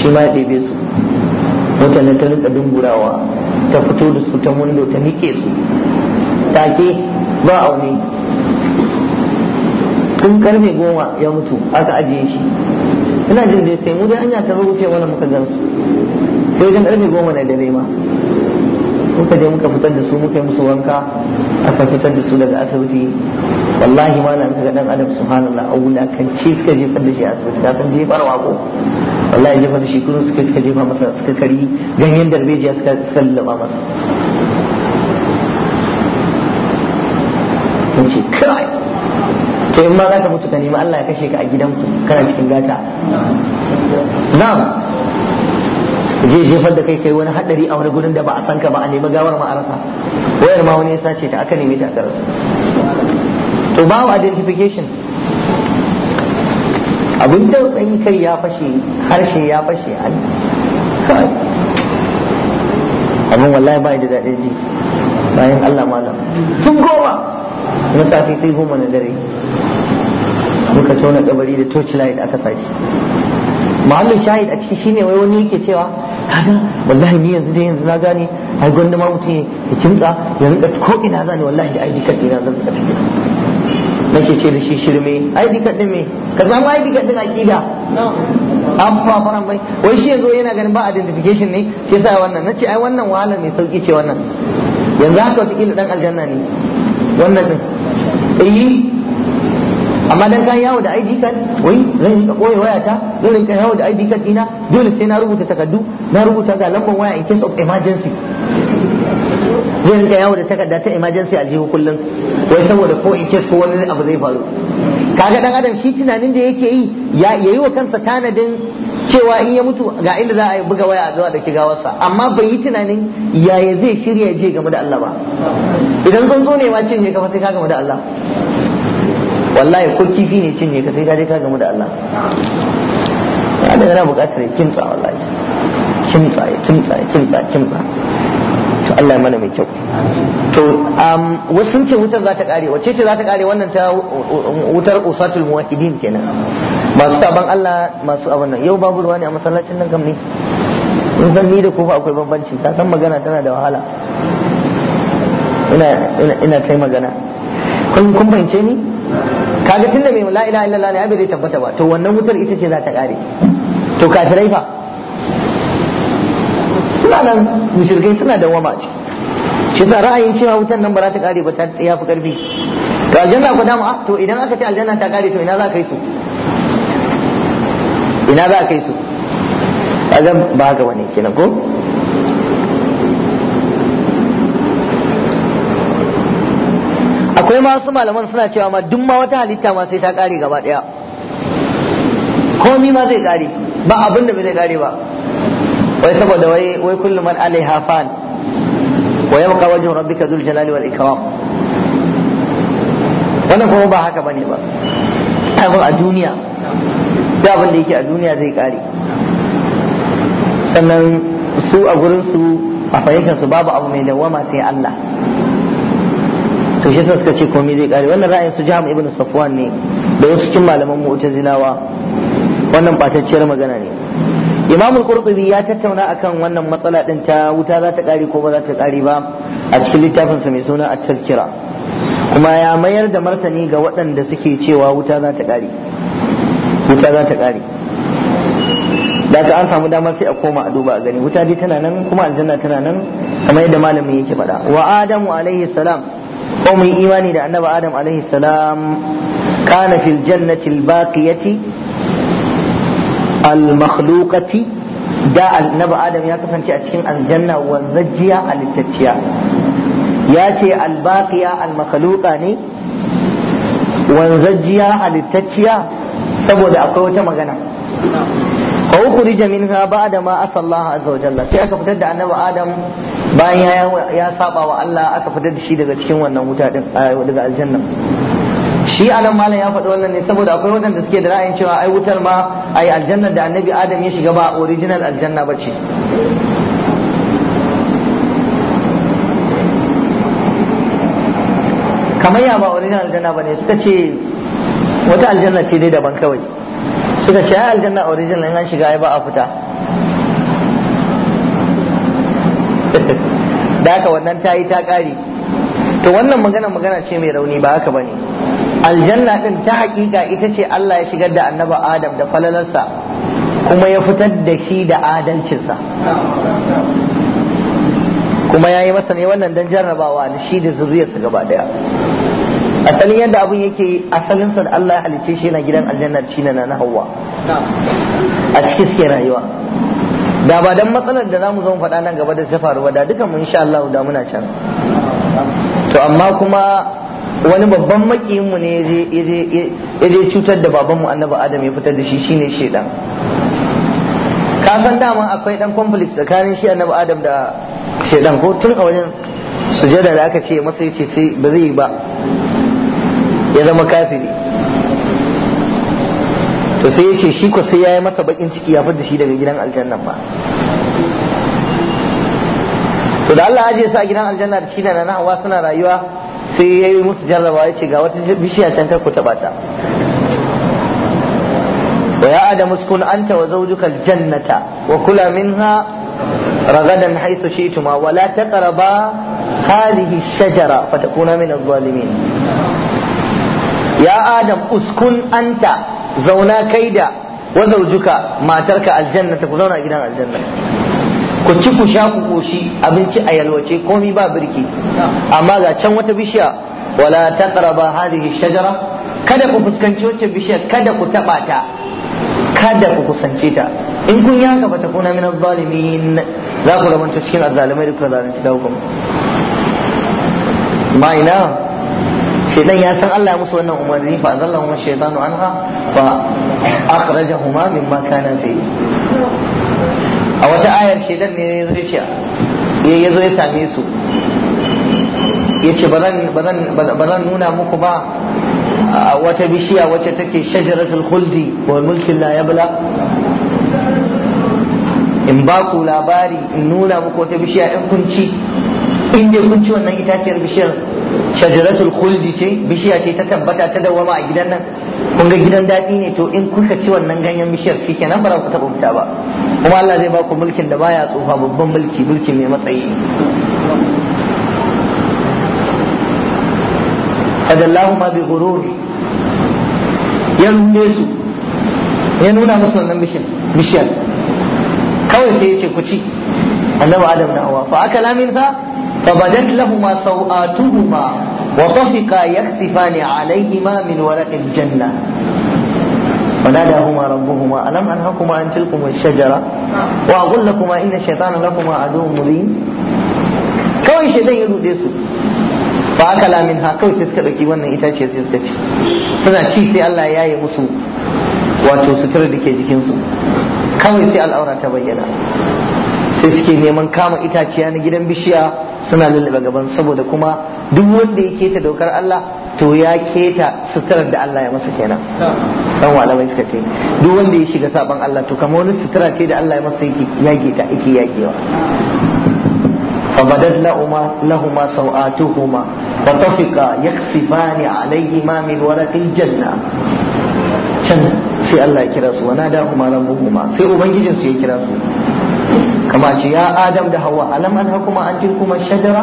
shi ma ya ɗebe su mota ne ta rika dungurawa ta fito da su ta mundo ta nike su take ba a wani tun karfe goma ya mutu aka ajiye shi ina jin ya sai mu dai anya ta rubuce wuce muka gansu sai wajen ƙarfe goma na dare ma muka je muka fitar da su muka yi musu wanka aka fitar da su daga asibiti wallahi ma nan kaga dan adam subhanallah a ce suka jefa da shi asibiti ka san jefar wako wallahi jefar da shi kuma suka suka jefa masa suka kari ganyen darbejiya suka suka lullaba masa ce kai to in ma za ka mutu ka nemi Allah ya kashe ka a gidanku kana cikin gata na'am je jefar da kai kai wani hadari a wani gurin da ba a san ka ba a nemi gawar ma a rasa wayar ma wani ya ta aka nemi ta aka rasa to wa identification abin da tsayi kai ya fashe harshe ya fashe an abin wallahi ba da daɗin ji bayan Allah malam tun goma na safe sai goma na dare muka tona kabari da torchlight aka sace mahallin shahid a ciki shine wai wani yake cewa kaga wallahi ni yanzu dai yanzu na gane ai gwanda ma mutum ya kimtsa ya rinka ko ina zani wallahi da ID card zan ka tafi nake ce da shi shirme ID card din me ka samu ID card din akida an faran bai wai shi yanzu yana ganin ba identification ne sai yasa wannan nace ai wannan wahala mai sauki ce wannan yanzu haka wata kila dan aljanna ne wannan din eh amma dan kan yawo da ID card wai zan ka koyi wayata zan rinka yawo da ID card dina dole sai na rubuta takardu na rubuta ga lambar waya in case of emergency zai rinka yawo da takarda ta emergency jihu kullum wai saboda ko in case ko wani abu zai faru kaga dan adam shi tunanin da yake yi ya yayi wa kansa tanadin cewa in ya mutu ga inda za a buga waya a zuwa da gawarsa amma bai yi tunanin yaya zai shirya je game da Allah ba idan zan zo ne ma cin ne kafa sai ka game da Allah wallahi ko kifi ne cinye ka sai ka je ka gamu da Allah Allah yana buƙatar kimtsa wallahi kimtsa kimtsa kimtsa kimtsa to Allah ya mana mai kyau to um, wasu sun ce wutar za ta kare wacce ce za ta kare wannan ta wutar usatul muwahidin kenan masu saban Allah masu abin nan yau babu ruwa ne a masallacin nan kam ne in san ni da kofa akwai bambanci ka san magana tana da wahala ina ina kai magana kun kun fahimce ni kaga tunda mai la ilaha illallah ne ai bai tabbata ba to wannan wutar ita ce za ta kare to kafirai fa suna nan mushrikai suna da wama ce shi sa ra'ayin cewa wutar nan ba za ta kare ba ta yafi karfi to aljanna ku dama ah, to idan aka ce aljanna ta kare to ina za a kai su ina za a kai su kaga ba ga wani kenan ko akwai masu malaman suna cewa ma duk ma wata halitta ma sai ta kare gaba daya komi ma zai kare ba abin da bai zai kare ba wai saboda wai wai kullum man alaiha fan wa yabqa wajhu rabbika dhul jalali wal ikram wannan kuma ba haka bane ba ai a duniya da abin da yake a duniya zai kare sannan su a gurin su a fahimtar su babu abu mai dawama sai Allah to shi suka ce komai zai kare wannan ra'ayin su jam ibn safwan ne da wasu cikin malaman mu'tazilawa wannan batacciyar magana ne imam al-qurtubi ya tattauna akan wannan matsala din ta wuta za ta kare ko ba za ta kare ba a cikin littafin sa mai suna at-tazkira kuma ya mayar da martani ga waɗanda suke cewa wuta za ta kare wuta za ta kare da ka an samu dama sai a koma a duba a gani wuta dai tana nan kuma aljanna tana nan kamar yadda malamin yake faɗa wa adamu alaihi salam ko mu imani da Annaba adam alaihi salam kana fil jannati al baqiyati al makhluqati da Annaba adam ya kasance a cikin aljanna wanzajjiya alittacciya ya ce al baqiya al makhluqa ne wanzajjiya alittacciya saboda akwai wata magana fa ukhrija minha ba'da ma asallahu azza wa jalla sai aka fitar da annabi adam bayan ya saba wa Allah aka fitar da shi daga cikin wannan wuta din daga aljanna shi anan malam ya faɗi wannan ne saboda akwai waɗanda suke da ra'ayin cewa ai wutar ma ai aljanna da annabi adam ya shiga ba original aljanna bace kamar ya ba original aljanna bane suka ce wata aljanna ce dai daban kawai suka ce aljanna original in an shiga ai ba a fita da haka wannan ta yi ta ƙari to wannan magana magana ce mai rauni ba haka bane aljanna ɗin ta hakika ita ce Allah ya shigar da annaba Adam da falalarsa kuma ya fitar da shi da adalcinsa kuma ya yi masa ne wannan don jarrabawa da shi da zuriyarsa gaba daya asalin yadda abin yake asalinsa da Allah ya halicce shi yana gidan aljanna shi na na hawa a ciki suke rayuwa da ba dan matsalar da zamu zo faɗa nan gaba da ta faru ba da dukan mu insha Allah da muna can to amma kuma wani babban makiyin mu ne ya je cutar da babanmu annabi Adam ya fitar da shi shine shedan ka san dama akwai dan conflict tsakanin shi annabi Adam da shedan ko tun a wajen sujada da aka ce masa yace sai ba zai yi ba ya zama kafiri to sai ya ce shi ko sai ya yi masa bakin ciki ya fadda shi daga gidan aljannan ba to da Allah ajiye sa gidan aljanna da shi da na hawa suna rayuwa sai ya yi musu jarrabawa ya ce ga wata bishiya can kar ku taba ta wa ya adamu uskun anta wa zawjuka aljannata wa kula minha رغدا حيث شئتما ولا تقربا shajara الشجرة kuna من الظالمين ya adam uskun anta zauna kai da wazaujuka matarka aljanna ta ku zauna a gidan aljanna ku ci ku sha ku koshi abinci a yalwace komi ba birki amma ga can wata bishiya wala taqraba hadhihi shajara kada ku fuskanci wacce bishiya kada ku taba ta kada ku kusance ta in kun yi haka bata kuna min za ku zamanto cikin azzalimai da kuka zalunci dawo shaitan ya san Allah ya musu wannan umarni fa zallahu shaytanu anha fa akhrajahuma mimma kana fi a wata ayar shaitan ne ya ce ya zo ya same su ya ce ba zan nuna muku ba wata bishiya wacce take shajaratul khuldi wa mulkin la yabla in ba ku labari in nuna muku wata bishiya in kun ci in dai kun ci wannan itaciyar bishiyar shajaratul khuldi ce bishiya ce ta tabbata ta dawama a gidan nan kun ga gidan daɗi ne to in kuka ci wannan ganyen bishiyar shi kenan ba ku taɓa fita ba kuma Allah zai ba ku mulkin da baya tsufa babban mulki mulki mai matsayi fadallahu ma bi ghurur ya nune su ya nuna musu wannan bishiyar kawai sai ya ce ku ci annabi adam na hawa fa aka lamin fa? فبدت لهما سوآتهما وطفقا يخسفان عليهما من ورق الجنة وناداهما ربهما ألم أنهكما عن تلكما الشجرة وأقول لكما إن الشيطان لكما عدو مبين kawai shi zai yi ba aka lamin ha kawai sai suka ɗauki wannan itace sai suka ci suna ci sai Allah ya yi musu wato sutura da ke jikinsu kawai sai al'aura ta bayyana sai suke neman kama itaciya na gidan bishiya suna lullube gaban saboda kuma duk wanda ya keta dokar Allah to ya keta suturar da Allah ya masa kenan dan malamai suka ce duk wanda ya shiga saban Allah to kamar wani sutura ce da Allah ya masa yake yage ta yake yagewa فبدت لهما لهما سوآتهما وطفقا يقصفان عليهما min ورق janna. can sai Allah ya kira su wa nadahuma rabbuhuma sai ubangijin su ya kira su kama ce ya adam da hawa alam an hakuma an tilkuma shajara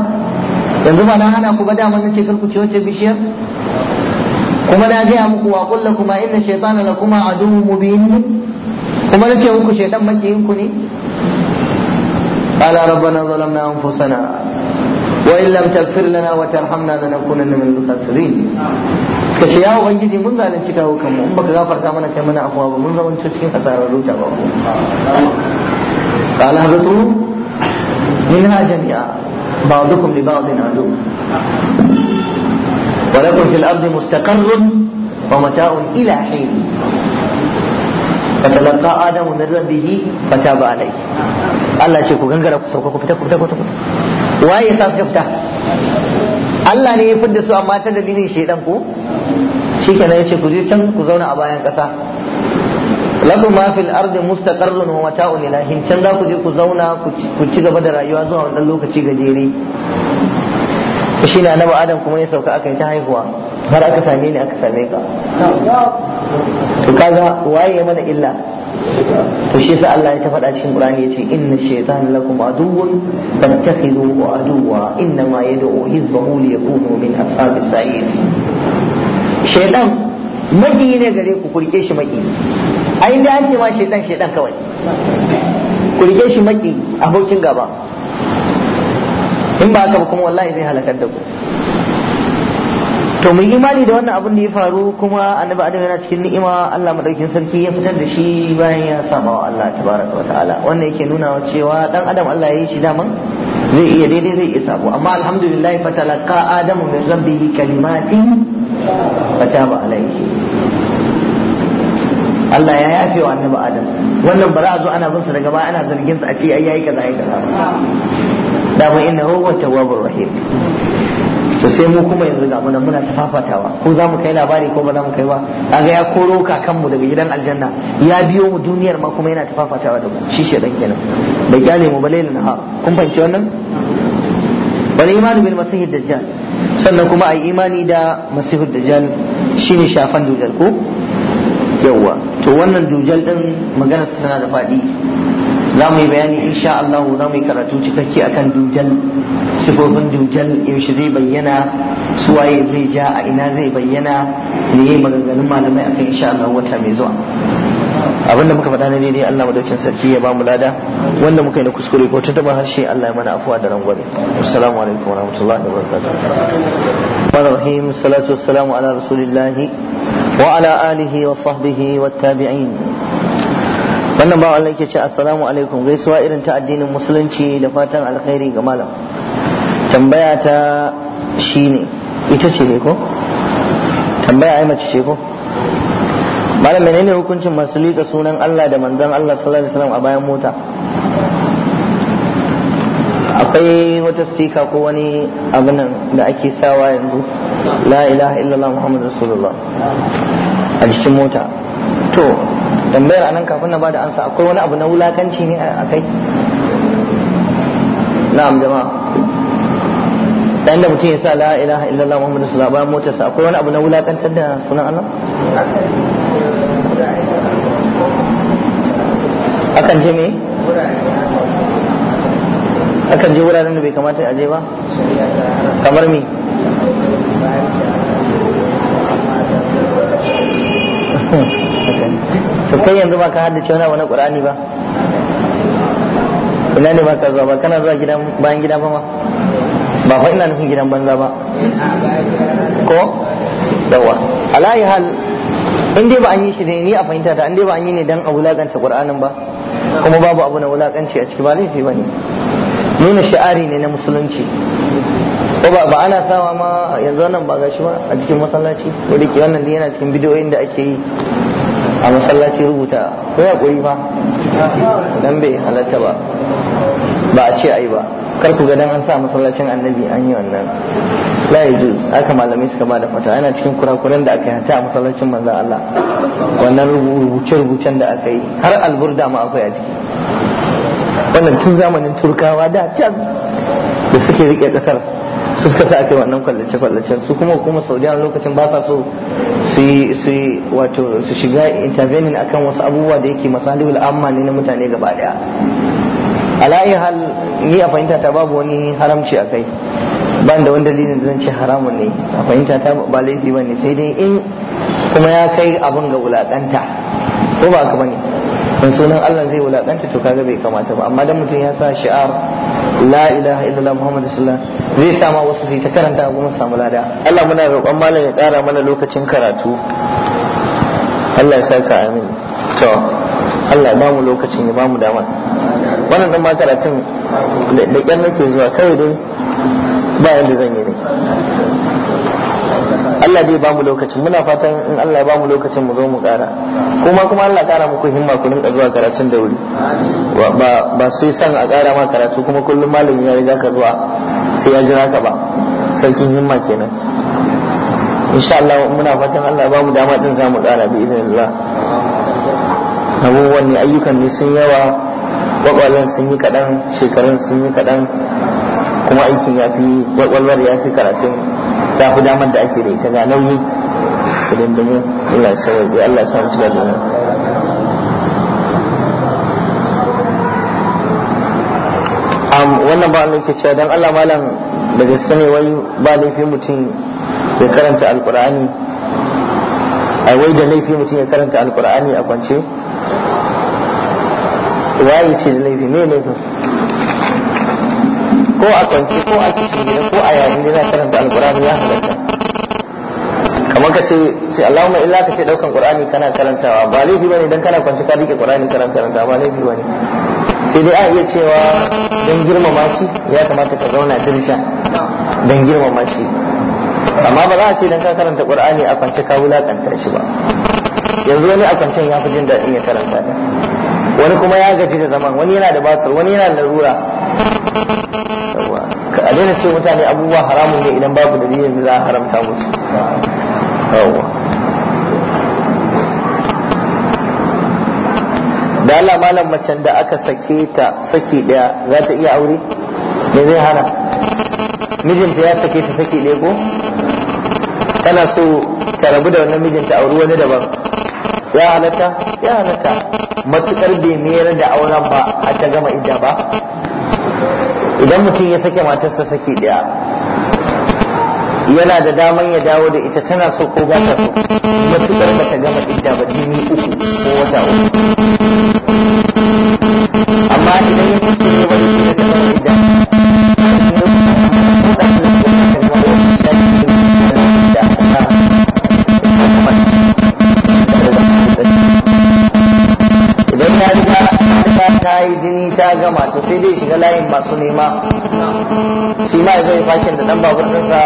yanzu ba na hana ku ba daman nace kar ku ci wacce bishiyar kuma na gaya muku wa kullu kuma inna shaytana lakuma aduwwun mubin kuma nace muku shaytan makiyin ku ne qala rabbana zalamna anfusana wa in lam taghfir lana wa tarhamna lanakunanna min al-khasirin suka ce ya ubangiji mun zalunci kawo kanmu in baka gafarta mana kai mana afuwa ba mun zama cikin asarar ruta ba قال اهبطوا منها جميعا بعضكم لبعض عدو ولكم في الأرض مستقر ومتاع إلى حين فتلقى آدم من ربه فتاب عليه Allah ce ku gangara ku sauka ku fita ku waye Allah ne ya fidda su amma ta dalilin shedan ku shikenan yace ku je can ku zauna a bayan kasa lakum ma fil ardi mustaqarrun wa mata'un ila can za ku je ku zauna ku ci gaba da rayuwa zuwa wannan lokaci gajere to shine annabi adam kuma ya sauka aka yi ta haihuwa har aka same ni aka same ka to kaga waye ya mana illa to shi sa Allah ya ta faɗa cikin Qur'ani yace inna shaytana lakum aduwwun fattakhiduhu aduwwa inna ma yad'u hizbahu liyakunu min ashabis sa'ir shaytan maki ne gare ku kurke shi maki a inda an ce ma shedan shedan kawai ku rike shi maki abokin gaba in ba haka ba kuma wallahi zai halakar da ku to mu imani da wannan abin da ya faru kuma annabi adam yana cikin ni'ima Allah madaukin sarki ya fitar da shi bayan ya saba wa Allah tabaraka wa ta'ala wannan yake nuna cewa dan adam Allah ya yi shi daman zai iya daidai zai iya sabo amma alhamdulillah fatalaka adamu min rabbihi kalimatin fataba alaihi Allah ya yafe wa annabi Adam wannan ba za a zo ana binsa daga baya ana zargin sa a ce ai yayi kaza ai kaza da mu inna huwa tawwabur rahim to sai mu kuma yanzu ga muna muna tafafatawa ko za mu kai labari ko ba za mu kai ba kaga ya koro kakanmu daga gidan aljanna ya biyo mu duniyar ma kuma yana tafafatawa da mu shi shedan kenan bai kyale mu ba lailin ha kun fanci wannan wal imanu bil masih dajjal sannan kuma ai imani da masih dajjal shine shafan dajjal ko yawwa to wannan dujal din maganar tana da faɗi za mu yi bayani insha Allah za mu yi karatu cikakke akan dujal sifofin dujal yaushe zai bayyana waye zai ja a ina zai bayyana ne yi maganganun malamai akan insha Allah wata mai zuwa abinda muka faɗa na daidai Allah madaukin sarki ya ba mu lada wanda muka yi na kuskure ko tuntuɓar harshe Allah ya mana afuwa da rangwame assalamu alaikum warahmatullahi wabarakatuh rahim salatu wassalamu ala rasulillahi وعلى آله وصحبه والتابعين wannan ba Allah yake ce assalamu alaikum gaisuwa irin ta addinin musulunci da fatan alkhairi ga malam tambaya ta shine ita ce ko tambaya ai mace ce ko malam menene hukuncin masu liƙa sunan Allah da manzon Allah sallallahu alaihi wasallam a bayan mota akwai wata stika ko wani abinan da ake sawa yanzu la ilaha illallah muhammad rasulullah a jikin mota to tambayar anan kafin na bada ansa akwai wani abu na wulakanci ne a kai na'am jama'a da inda mutum ya sa la ilaha illallah muhammad rasulullah bayan motarsa akwai wani abu na wulakantar da sunan Allah akan je me akan je wuraren da bai kamata a je ba kamar mi to kai yanzu ba ka haddace wani abu na qur'ani ba ina ne ba ka zuwa ba kana zuwa gidan bayan gida ba ma ba fa ina nufin gidan banza ba ko yawa alayi hal in dai ba an yi shi ne ni a fahimta ta in dai ba an yi ne dan a wulakanta qur'anin ba kuma babu abu na wulakanci a ciki ba laifi ne. nuna sha'ari ne na musulunci ba ana sawa ma yanzu wannan ba gashi ba a cikin masallaci ko da ke wannan yana cikin bidiyoyin da ake yi a masallaci rubuta ko ya kuri ba dan bai halatta ba ba a ce ai ba kar ku ga dan an sa masallacin annabi an yi wannan la yaju aka malamai suka ba da fata yana cikin kurakuran da aka yi ta a masallacin manzo Allah wannan rubuce-rubucen da aka yi har alburda ma akwai a ciki wannan tun zamanin turkawa da can da suke rike kasar su suka sa ake wannan kwallace kwallace su kuma kuma saudiya lokacin ba sa so su yi wato su shiga intervening akan wasu abubuwa da yake masalihul amma ne na mutane gaba daya ala'i hal ni a fahimta ta babu wani haramci a kai ban da wani dalilin zan ce haramun ne a fahimta ta ba laifi ba ne sai dai in kuma ya kai abin ga wulakanta ko ba ka bane in sunan Allah zai wulaɗanta to kaga bai kamata ba amma dan mutum ya sa shi'ar la ilaha illallah muhammadu sallallahu zai sa ma wasu su ta karanta kuma samu lada Allah muna roƙon malam ya ƙara mana lokacin karatu Allah ya saka amin to Allah ba mu lokacin ya ba mu dama wannan dan ma karatun da ƙyar nake zuwa kawai dai ba yadda zan yi ne Allah zai ba mu lokacin muna fatan in Allah ba mu lokacin mu zo mu kara kuma kuma Allah kara muku himma ku rinka zuwa karatun da wuri ba ba sai san a kara ma karatu kuma kullum malami ya riga ka zuwa sai ya jira ka ba sarkin himma kenan insha Allah muna fatan Allah ba mu dama din zamu kara bi idinillah abubuwan ne ayyukan ne sun yawa kwakwalen sun yi kaɗan shekarun sun yi kaɗan kuma aikin ya fi kwakwalwar ya fi karatun ta fi damar da ake da ita ga nauyi idan da mu Allah ya sauya da Allah ya samu cika da mu am wannan ba Allah ke cewa dan Allah malam da gaske ne wai ba laifi mutum ya karanta alqur'ani ai wai da laifi mutum ya karanta alqur'ani a kwance waye ce da laifi me laifin ko a kwance ko a kishi gida ko a yayin da gida karanta alkur'ani ya halatta kamar ka ce sai ma illa ka ce daukan qur'ani kana karantawa ba laifi bane dan kana kwance ka rike qur'ani karanta karanta ba laifi bane sai dai a iya cewa dan girmama shi ya kamata ka zauna dirsha dan girmama shi amma ba za a ce dan ka karanta qur'ani a kwance ka wulakanta shi ba yanzu wani a kwancen ya fi jin daɗin ya karanta wani kuma ya gaji da zaman wani yana da basir wani yana da larura na ce mutane abubuwa haramun ne idan babu dalilin da za a haramta musu da Allah malam macen da aka sake ta saki daya za ta iya aure ne zai hana mijinta ya sake ta saki daya ko tana so ta rabu da wannan mijinta a wani daban ya halatta ya halatta matukar bai mayar da auren ba a ta gama idda ba idan mutum ya sake matarsa sake daya yana da daman ya dawo da ita tana so ko ba ta so wasu ba ta gama idda ba jini uku ko wata uku amma idan ya gama to sai dai shiga layin masu nema shi ma zai fakin da dan babur ɗinsa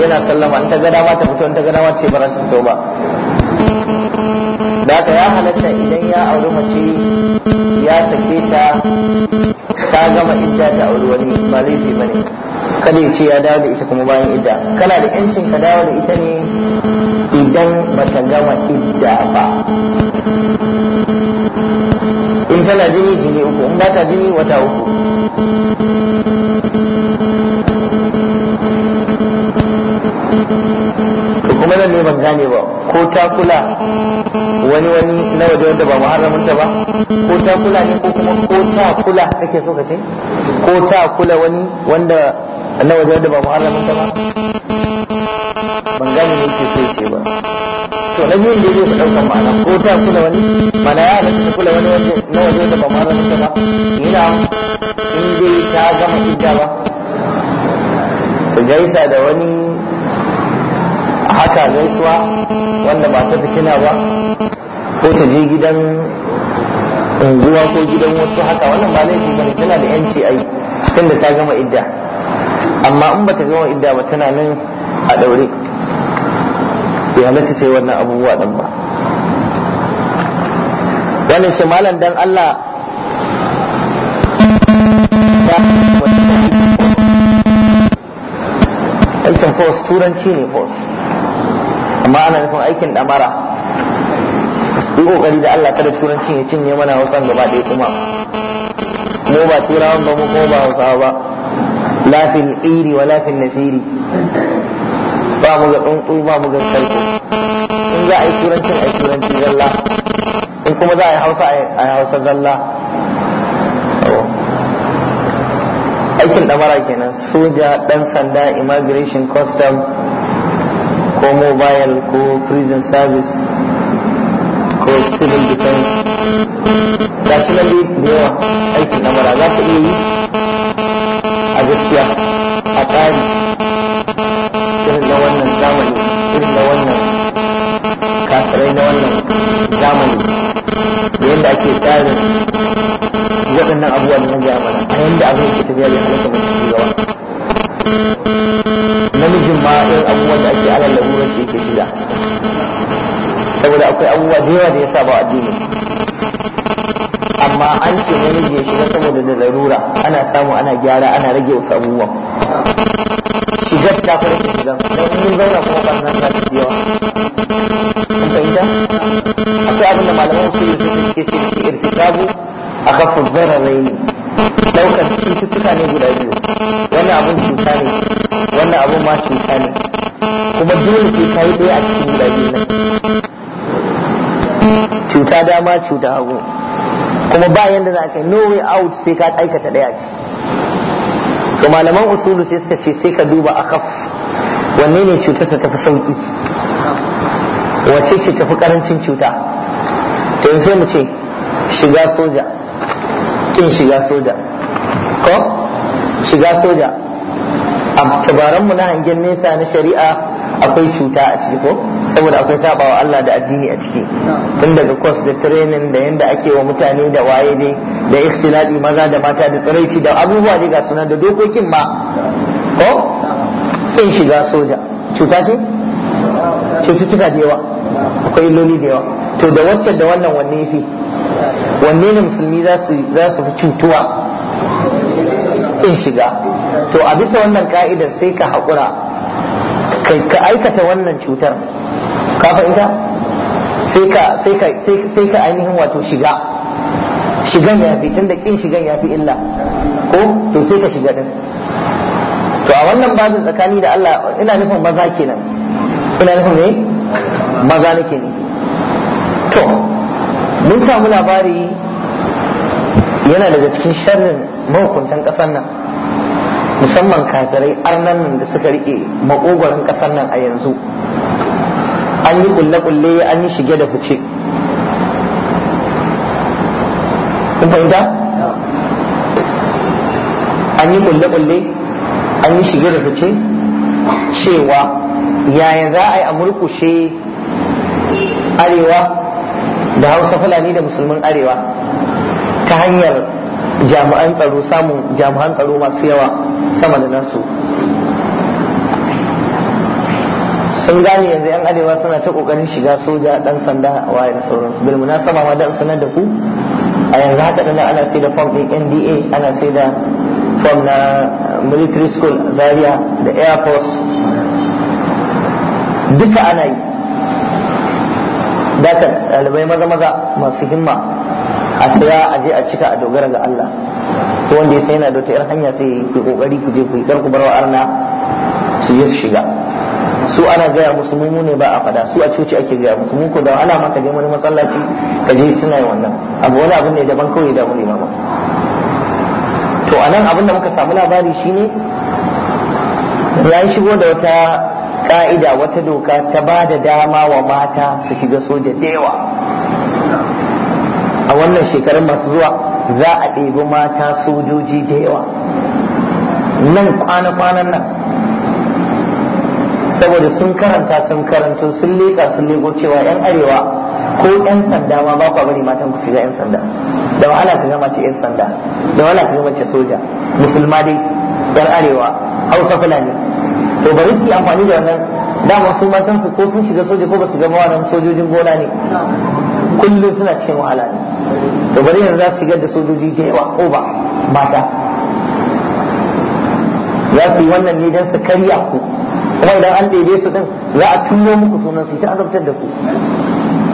yana sallama in ta ga dama ta fito in ta ga dama ce ba ta da haka ya halatta idan ya auri mace ya sake ta ta gama idda ta auri wani ba laifi ba ne kada ya ce ya dawo da ita kuma bayan idda kana da yancin ka dawo da ita ne idan bata gama idda ba tana jini jini uku in ba ta jini wata uku kuma nan ne ban gane ba ko ta kula wani wani na waje wanda ba muharramin ta ba ko ta kula ne ko kuma ko ta kula kake so ka ce ko ta kula wani wanda annabi wajen da ba muharramin ta ba ban gane ne ke so ce ba to na biyun da yake ɗaukan ma'ana ko ta kula wani mana ya halatta ta kula wani na waje da ba muharramin ta ba ina in dai ta gama idda ba su gaisa da wani haka gaisuwa wanda ba ta fitina ba ko ta je gidan unguwa ko gidan wasu haka wannan ba laifi bane tana da yanci ai da ta gama idda amma in bata gama idda ba tana nan a daure bai halatta ta yi wannan abubuwa ɗan ba wannan shi malam dan Allah aikin force turanci ne force amma ana nufin aikin damara yi kokari da Allah kada turanci ya cinye mana wasan gaba ɗaya kuma mu ba turawan ba mu kuma ba hausawa ba lafin iri wa lafin fil nafiri ba mu ga tsuntsu ba mu ga sarko in za a yi turanci a yi turanci zalla in kuma za a yi hausa a yi hausa zalla aikin damara kenan soja dan sanda immigration custom ko mobile ko prison service ko civil defense ga su biyu da yawa aikin damara za ta iya yi gaskiya a tsari irin na wannan zamani irin na wannan kasarai na wannan zamani da yadda ake tsari waɗannan abubuwan na gaya mana a yadda abin ke tafiya bai halatta mutum shugaba namijin ma irin abubuwan da ake alal larurar shi yake shiga saboda akwai abubuwa da yawa da ya saba addini amma an ce namiji ya shiga saboda da larura ana samu ana gyara ana rage wasu abubuwan shigar ta fara ta shigar don mun zauna kuma ba nan za su fi yawa kun fahimta akwai abin da malaman su yi suke ce da shi irtikabu a kafin zara ne daukar cututtuka ne guda biyu wannan abin cuta ne wannan abin ma cuta ne kuma dole sai ka yi ɗaya a cikin guda biyu nan cuta dama cuta hagu kuma ba yanda za ka no way out sai ka aikata daya ce to malaman usulu sai suka ce sai ka duba a kafu wanne ne cutarsa ta fi sauki wace ce tafi karancin cuta to yanzu sai mu ce shiga soja kin shiga soja ko shiga soja a tabaranmu na hangen nesa na shari'a akwai cuta a ciki ko saboda akwai sabawa Allah da addini a ciki tun daga course da training da yanda ake wa mutane da waye ne da ikhtilali maza da mata da tsiraici da abubuwa ne ga sunan da dokokin ma ko kin shiga soja cuta ce cututtuka da yawa akwai illoli da yawa to da wacce da wannan wanne yafi wanne ne musulmi za su fi cutuwa kin shiga to a bisa wannan ka'idar sai ka haƙura ka aikata wannan cutar ka fa'ida sai ka sai ka sai ka ainihin wato shiga shigan ya fi tunda kin shigan ya fi illa ko to sai ka shiga din to a wannan babin tsakani da Allah ina nufin maza kenan ina nufin ne maza nake ne to mun samu labari yana daga cikin sharrin mahukuntan ƙasar nan musamman kafirai arnan nan da suka rike makogoron ƙasar nan a yanzu an yi kulle-kulle an yi shige da fice kun fahimta an yi kulle-kulle an yi shige da fice cewa yaya za a yi a murkushe arewa da hausa fulani da musulmin arewa ta hanyar jami'an tsaro samun jami'an tsaro masu yawa sama da nasu sun gane yanzu yan arewa suna ta kokarin shiga soja dan sanda a na sauran bil munasaba ma dan sanar da ku a yanzu haka dana ana sai da form din NDA ana sai da form na uh, military school Zaria da air force duka ana yi dakan ɗalibai maza maza masu himma a saya a je a cika a dogara ga Allah ko wanda ya sai yana da wata yar hanya sai ku kokari ku je ku kar ku bar wa arna su je su shiga su ana gaya musu mu ne ba a fada su a coci ake gaya musu mu ko da ana maka je wani matsalaci ka je suna yi wannan abu wani abin ne daban kawai da mu ba to anan abin da muka samu labari shine ya shigo da wata ka'ida wata doka ta ba da dama wa mata su shiga soja da yawa a wannan shekarun masu zuwa za a ɗebi mata sojoji da yawa nan kwana-kwanan nan saboda sun karanta sun karanto sun leƙa sun leƙo cewa 'yan arewa ko 'yan sanda ma ba bari matan ku shiga 'yan sanda da wahala su gama ce 'yan sanda da wahala su gama ce soja musulma dai 'yan arewa hausa fulani to bari su yi amfani da wannan dama su matan su ko sun shiga soja ko ba su gama wannan sojojin gona ne kullum suna cikin wahala ne da bari yanzu za su shigar da sojoji da yawa oba mata za su yi wannan ne don su karya ku kuma idan an daidai su din za a tuno muku sunan su ta azabtar da ku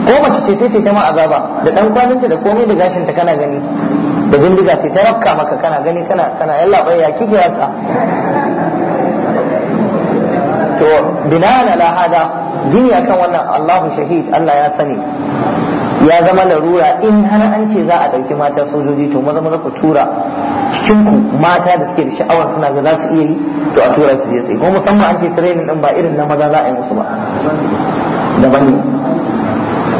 ko mace ce sai ta ta ma azaba da dan kwaninta da komai da gashinta kana gani da bindiga sai ta rafka maka kana gani kana kana yalla bai ya kike haka to bina ala hada gini akan wannan Allahu shahid Allah ya sani ya zama larura in hana an ce za a ɗauki mata sojoji to maza maza ku tura cikin ku mata da suke da sha'awar suna ga za su iya yi to a tura su je sai kuma musamman an ce training din ba irin na maza za a yi musu ba daban ne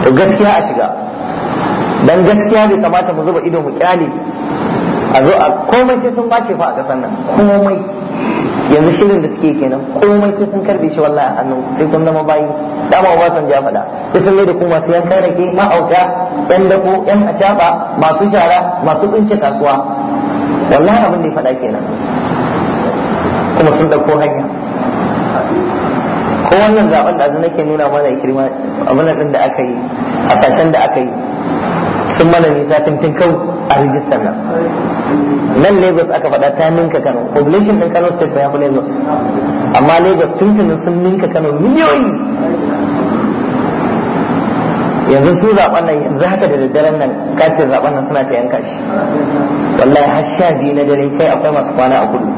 to gaskiya a shiga dan gaskiya bai kamata mu zuba ido mu kyale a zo a komai sai sun bace fa a kasan nan komai yanzu shirin da suke kenan komai sai sun karbe shi wallahi a hannu sai kun zama bayi dama ba san ja faɗa sai sun mai da kuma masu yan rake mahauka yan dako yan acaba masu shara masu tsince kasuwa wallahi abin da ya faɗa kenan kuma sun ɗauko hanya ko wannan zaben da nake nuna mana ikirma abin da aka yi a sashen da aka yi sun mana zafin tinkau a rijistar nan nan lagos aka faɗa ta ninka kano population ɗin kano state ya fi lagos amma lagos tunin sun ninka kano miliyoyi yanzu su zaɓen nan yanzu haka da daddaren nan kacin zaɓen nan suna ta yanka shi wallahi har sha biyu na dare kai akwai masu kwana a kudu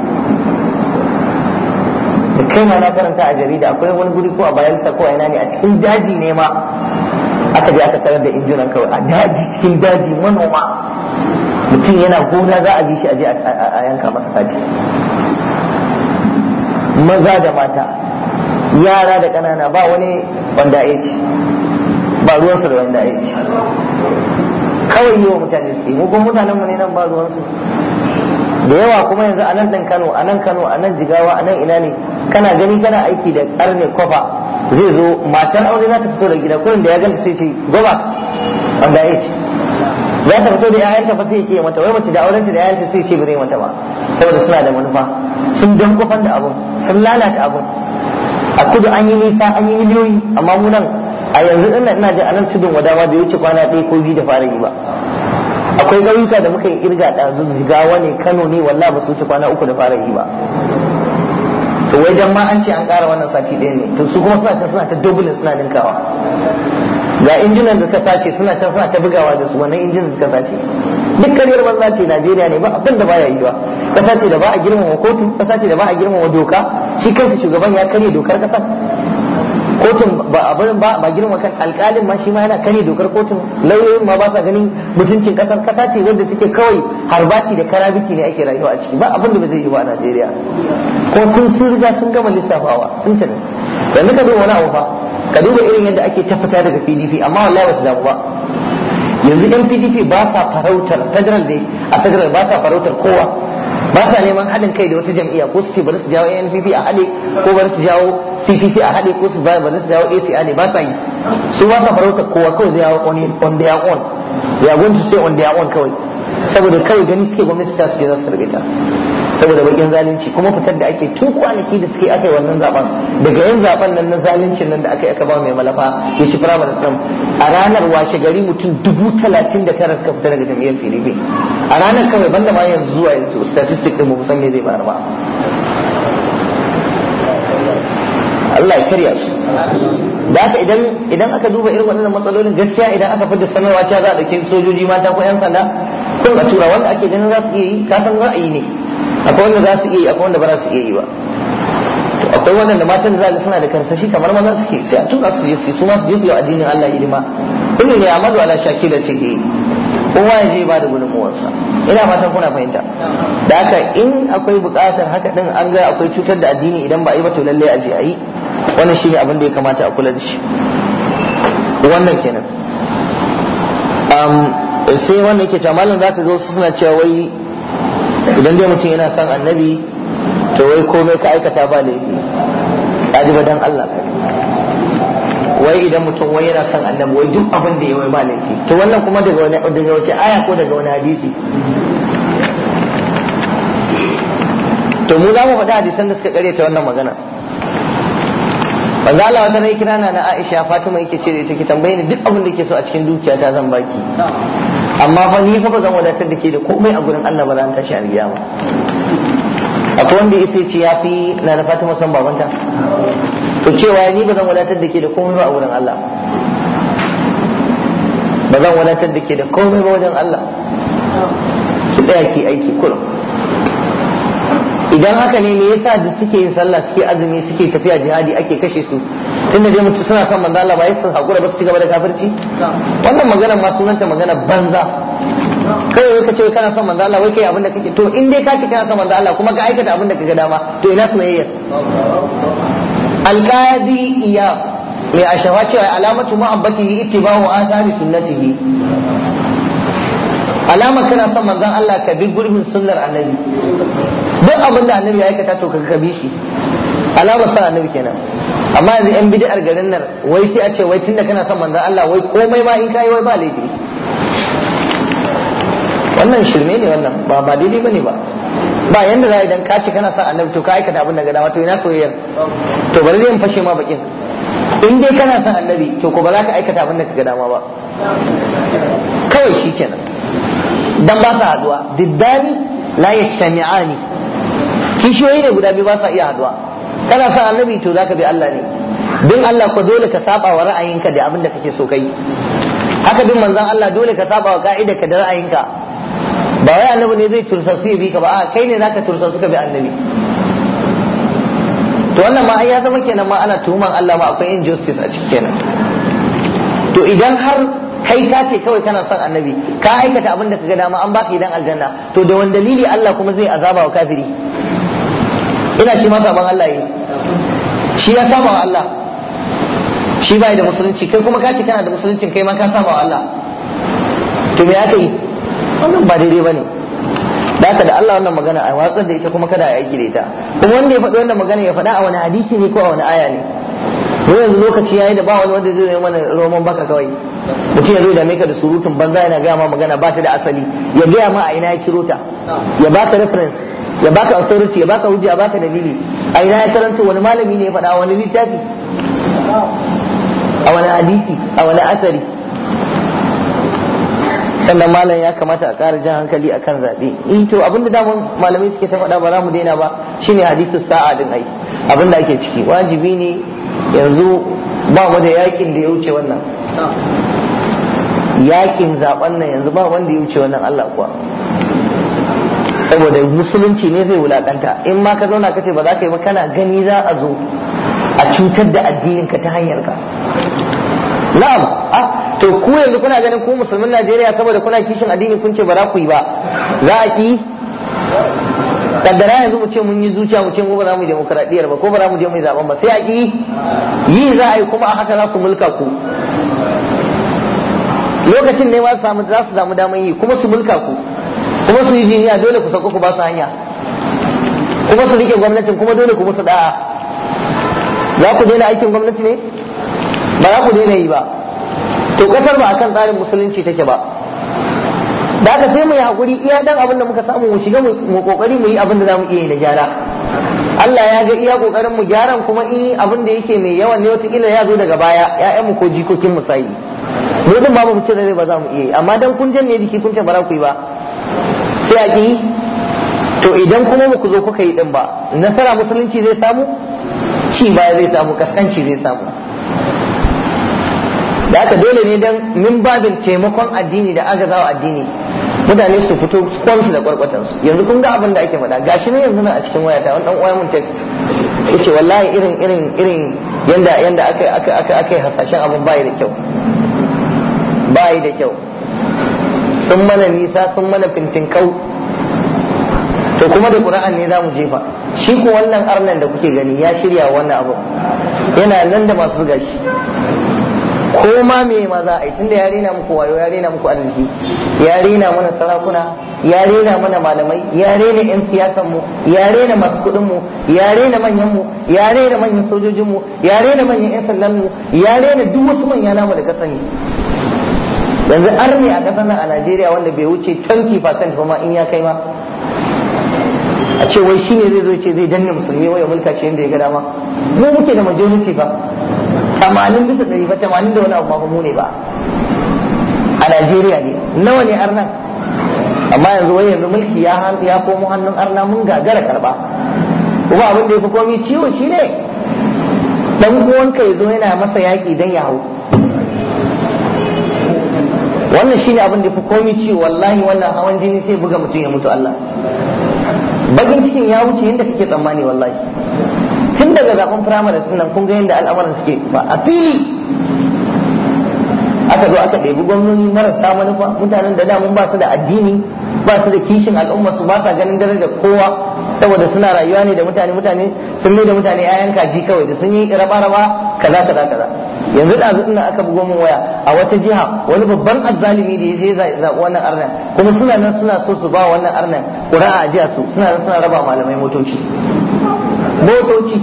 da kai ma na karanta a jarida akwai wani guri ko a bayansa ko a ina ne a cikin daji ne ma aka je aka sanar da injunan kawai a daji sai daji manoma mutum yana gona za a ji shi a je a yanka masa kaji maza da mata yara da ƙanana ba wani wanda ya ci ba ruwansu da wanda ya ci kawai yi wa mutane su yi mugun mutanen mu ne nan ba ruwansu da yawa kuma yanzu a nan dan Kano a nan Kano a nan Jigawa a nan ina ne kana gani kana aiki da karne kofa zai zo matar aure za ta fito da gida kullum da ya ganta sai ce goma. wanda ya ce za ta fito da ƴaƴanta fa sai ke mata wai mace da aurenta da ƴaƴanta sai ce bare mata ba saboda suna da manufa sun dan kofan da abun sun lalata abun a kudu an yi nisa an yi miliyoyi amma mu nan a yanzu ina ina ji anan tudun wadawa bai wuce kwana ɗaya ko biyu da fara yi ba akwai ƙauyuka da muka yi irga da zuzigawa ne kano ne wallahi ba su wuce kwana uku da fara yi ba to wai dan ma an ce an ƙara wannan sati ɗaya ne to su kuma suna can suna ta dubulin suna ninkawa ga injinan da ka sace suna can suna ta bugawa da su wannan injinan da ka sace duk karyar banza ce Najeriya ne ba abin da baya yiwa kasa ce da ba a girmama kotu kasa ce da ba a girmama doka shi kansa shugaban ya karye dokar kasa kotun ba abin ba ba girma kan alkalin ma shi ma yana kare dokar kotun lauyoyin ma ba sa ganin mutuncin kasar kasa ce wanda take kawai harbaci da karabici ne ake rayuwa a ciki ba abin da ba zai yi ba a Najeriya ko sun sun riga sun gama lissafawa sun tana yanzu ka duba wani abu fa ka duba irin yadda ake ta daga pdp amma wallahi wasu damu ba yanzu yan pdp ba sa farautar federal dai a federal ba sa farautar kowa ba sa neman haɗin kai da wata jam'iyya ko su ce bari su jawo ANPP a haɗe ko bari su jawo cpc a haɗe ko su bari su jawo ac a haɗe ba sa yi su ba sa farautar kowa kawai zai yawo on their own ya gunci sai on their own kawai saboda kawai gani suke gwamnati ta su je za su tarbe ta saboda bakin zalunci kuma fitar da ake tun kwanaki da suke aka yi wannan zaben daga yin zaben nan na zaluncin nan da aka yi aka ba mai malafa ya ci firamare sam a ranar washe gari mutum dubu talatin da tara suka fita daga jam'iyyar filibe a ranar kawai banda ma yanzu zuwa yanzu statistic din mu san me zai bayar ba Allah ya karya su da haka idan idan aka duba irin waɗannan matsalolin gaskiya idan aka fitar sanarwa cewa za a ɗauki sojoji mata ko 'yan sanda ko a tura wanda ake ganin za su iya yi kasan ra'ayi ne akwai wanda za su iya yi akwai wanda ba za su iya yi ba to akwai wanda matan da za suna da karsashi kamar maza suke sai a tura su je su ma su je su yi addinin Allah hidima kullu ne amadu ala shakila take kowa ya je ba da gudunmuwarsa ina fatan kuna fahimta da haka in akwai buƙatar haka din an ga akwai cutar da addini idan ba a yi ba to lallai a je a yi wannan shine abin da ya kamata a kula da shi wannan kenan sai wanda yake cewa malam zaka ga wasu suna cewa wai idan dai mutum yana son annabi to wai komai ka aikata ba laifi ba dan Allah wai idan mutum wai yana son annabi wai duk abin da ya wai ba laifi to wannan kuma daga wani daga wace aya ko daga wani hadisi to mu za mu faɗi hadisan da suka ta wannan magana manzo Allah wata rai kirana na Aisha Fatima yake ce da ita ki tambaye ni duk abin da ke so a cikin dukiya ta zan baki amma fa ni fa ba zan wadatar da ke da komai a gurin Allah ba zan tashi ba akwai wanda ya ce ya fi na da Fatima san babanta to cewa ni ba zan wadatar da ke da komai ba a gurin Allah ba zan wadatar da ke da komai ba wajen Allah ki tsaya ki aiki kullum idan haka ne me yasa da suke yin sallah suke azumi suke tafiya jihadi ake kashe su tunda dai mutu suna son manzo Allah ba yasa hakura ba su cigaba da kafirci wannan magana ma sunanta magana banza kai wai kace kana son manzo Allah wai kai abinda kake to in dai ka ce kana son manzo Allah kuma ka aikata abinda da dama to ina sunayya alqadi iya mai ashawa cewa alamatu ma'abbatihi ittiba'u athari sunnatihi alama kana son manzan Allah ka bi gurbin sunnar annabi duk abin da annabi ya aikata to ka bi shi alamar sa annabi kenan amma yanzu yan bid'ar garin nan wai sai a ce wai tunda kana son manzon Allah wai komai ma in kai wai ba laifi wannan shirme ne wannan ba ba daidai bane ba ba yanda za a idan ka ce kana son annabi to ka aikata abin da ga dama to ina soyayyar to bari zai fashe ma bakin in dai kana son annabi to ko ba za ka aikata abin da ka ga dama ba kawai kenan dan ba sa haduwa diddani la yashami'ani kishiyoyi ne guda biyu ba sa iya haduwa kana sa annabi to zaka bi Allah ne bin Allah ko dole ka saba wa ra'ayinka da abin da kake so kai haka bin manzon Allah dole ka saba wa ka'idarka da ra'ayinka ba wai annabi ne zai tursasu ya bi ka ba a kai ne zaka tursasu ka bi annabi to wannan ma ai ya zama kenan ma ana tuhuman Allah ma akwai injustice a cikin kenan to idan har kai ka ce kawai kana son annabi ka aikata abin da ga dama an baka idan aljanna to da wani dalili Allah kuma zai azaba wa kafiri ina shi ma saban Allah yi shi ya saba wa Allah shi bai da musulunci kai kuma kace kana da musulunci kai ma ka saba wa Allah to me aka yi wannan ba daidai bane da haka da Allah wannan magana a watsar da ita kuma kada a yi aiki da ita kuma wanda ya faɗi wannan magana ya faɗa a wani hadisi ne ko a wani aya ne ko yanzu lokaci yayi da ba wani wanda zai yi mana roman baka kawai mutum ya zo da meka da surutun banza yana gaya ma magana ba ta da asali ya gaya ma a ina ya ciro ta ya ba ka reference ya baka authority ya baka hujja ya baka dalili a ina ya karanta wani malami ne ya faɗa wani littafi a wani hadisi a wani asari sannan malam ya kamata a ƙara jan hankali a kan zaɓe in eh, to abinda damun malamai suke ta faɗa ba za mu daina ba shine hadisu sa'a din ai abinda ake ciki wajibi ne yanzu ba mu da yakin da ya wuce wannan yakin zaɓen nan yanzu ba wanda ya wuce wannan Allah kuwa saboda musulunci ne zai wulakanta in ma ka zauna kace ba za ka yi ba kana gani za a zo a cutar da addinin ka ta hanyar ka na'am ah to ku yanzu kuna ganin ku musulmin Najeriya saboda kuna kishin addini kun ce ba za ku yi ba za a ki kaddara yanzu mu ce mun yi zuciya mu ce mu ba za mu yi demokradiyyar ba ko ba za mu je mu yi zaben ba sai a ki yi za a yi kuma a haka za su mulka ku lokacin ne ma za su samu damar yi kuma su mulka ku kuma su yi jiniya dole ku sauko ku ba su hanya kuma su rike gwamnatin kuma dole ku musu da'a za ku daina aikin gwamnati ne ba za ku daina yi ba to kasar ba akan tsarin musulunci take ba da aka sai mu yi hakuri iya dan abin da muka samu mu shiga mu kokari mu yi abin da za mu iya yi da gyara Allah ya ga iya kokarin mu gyaran kuma in abin da yake mai yawan ne watakila ya zo daga baya ƴaƴanmu ko jikokin mu sai mu din ba mu ce ba za mu iya yi amma dan kun ne jiki kun ba za ku yi ba sai a ƙi to idan kuma ba ku zo kuka yi din ba nasara musulunci zai samu ci baya zai samu kaskanci zai samu da haka dole ne dan min babin taimakon addini da zawa addini mutane su fito kwansu da kwarkwatansu yanzu kun ga abin da ake faɗa gashi ne yanzu na a cikin wayata wani dan uwa mun text yace wallahi irin irin irin yanda aka aka hasashen abin bai da kyau da kyau sun mana nisa sun mana fintin kau to kuma da ƙura'an ne za mu jefa shi ko wannan arnan da kuke gani ya shirya wannan abu yana nan da masu zuga shi ko ma me maza a tunda ya rena muku wayo ya rena muku arziki ya rena mana sarakuna ya rena mana malamai ya rena yan siyasan mu ya masu kuɗin mu ya rena manyan mu ya rena manyan sojojin mu ya manyan yan sallan mu ya rena duk wasu manya namu da kasani. yanzu army a ƙasar nan a najeriya wanda bai wuce 20% ba ma in ya kai ma a ce wai shine zai zo ce zai danne musulmi wai mulka ce yadda ya ga dama mu muke da majority ba tamanin bisa ɗari ba tamanin da wani abu ba mu ne ba a najeriya ne nawa ne arnan amma yanzu wai yanzu mulki ya ya komo hannun arna mun gagara karba kuma abin da ya fi komi ciwo shine dan uwanka ya zo yana masa yaƙi dan ya hau wannan shi ne abin da fi komi ci wallahi wannan hawan jini sai buga mutum ya mutu Allah bagin cikin ya wuce yadda kake tsammani wallahi tun daga zafin firamare sunan kun ga yadda al'amuran suke ba a fili aka zo aka ɗebi gwamnoni marasa manufa mutanen da damun ba su da addini ba su da kishin al'umma su ba sa ganin darajar kowa saboda suna rayuwa ne da mutane mutane sun mai da mutane 'ya'yan kaji kawai da sun yi raba raba kaza kaza kaza yanzu da ina aka bugo min waya a wata jiha wani babban azzalimi da ya zai zaɓi wannan arnan kuma suna nan suna so su ba wannan arnan ƙura'a a jiya su suna nan suna raba malamai motoci motoci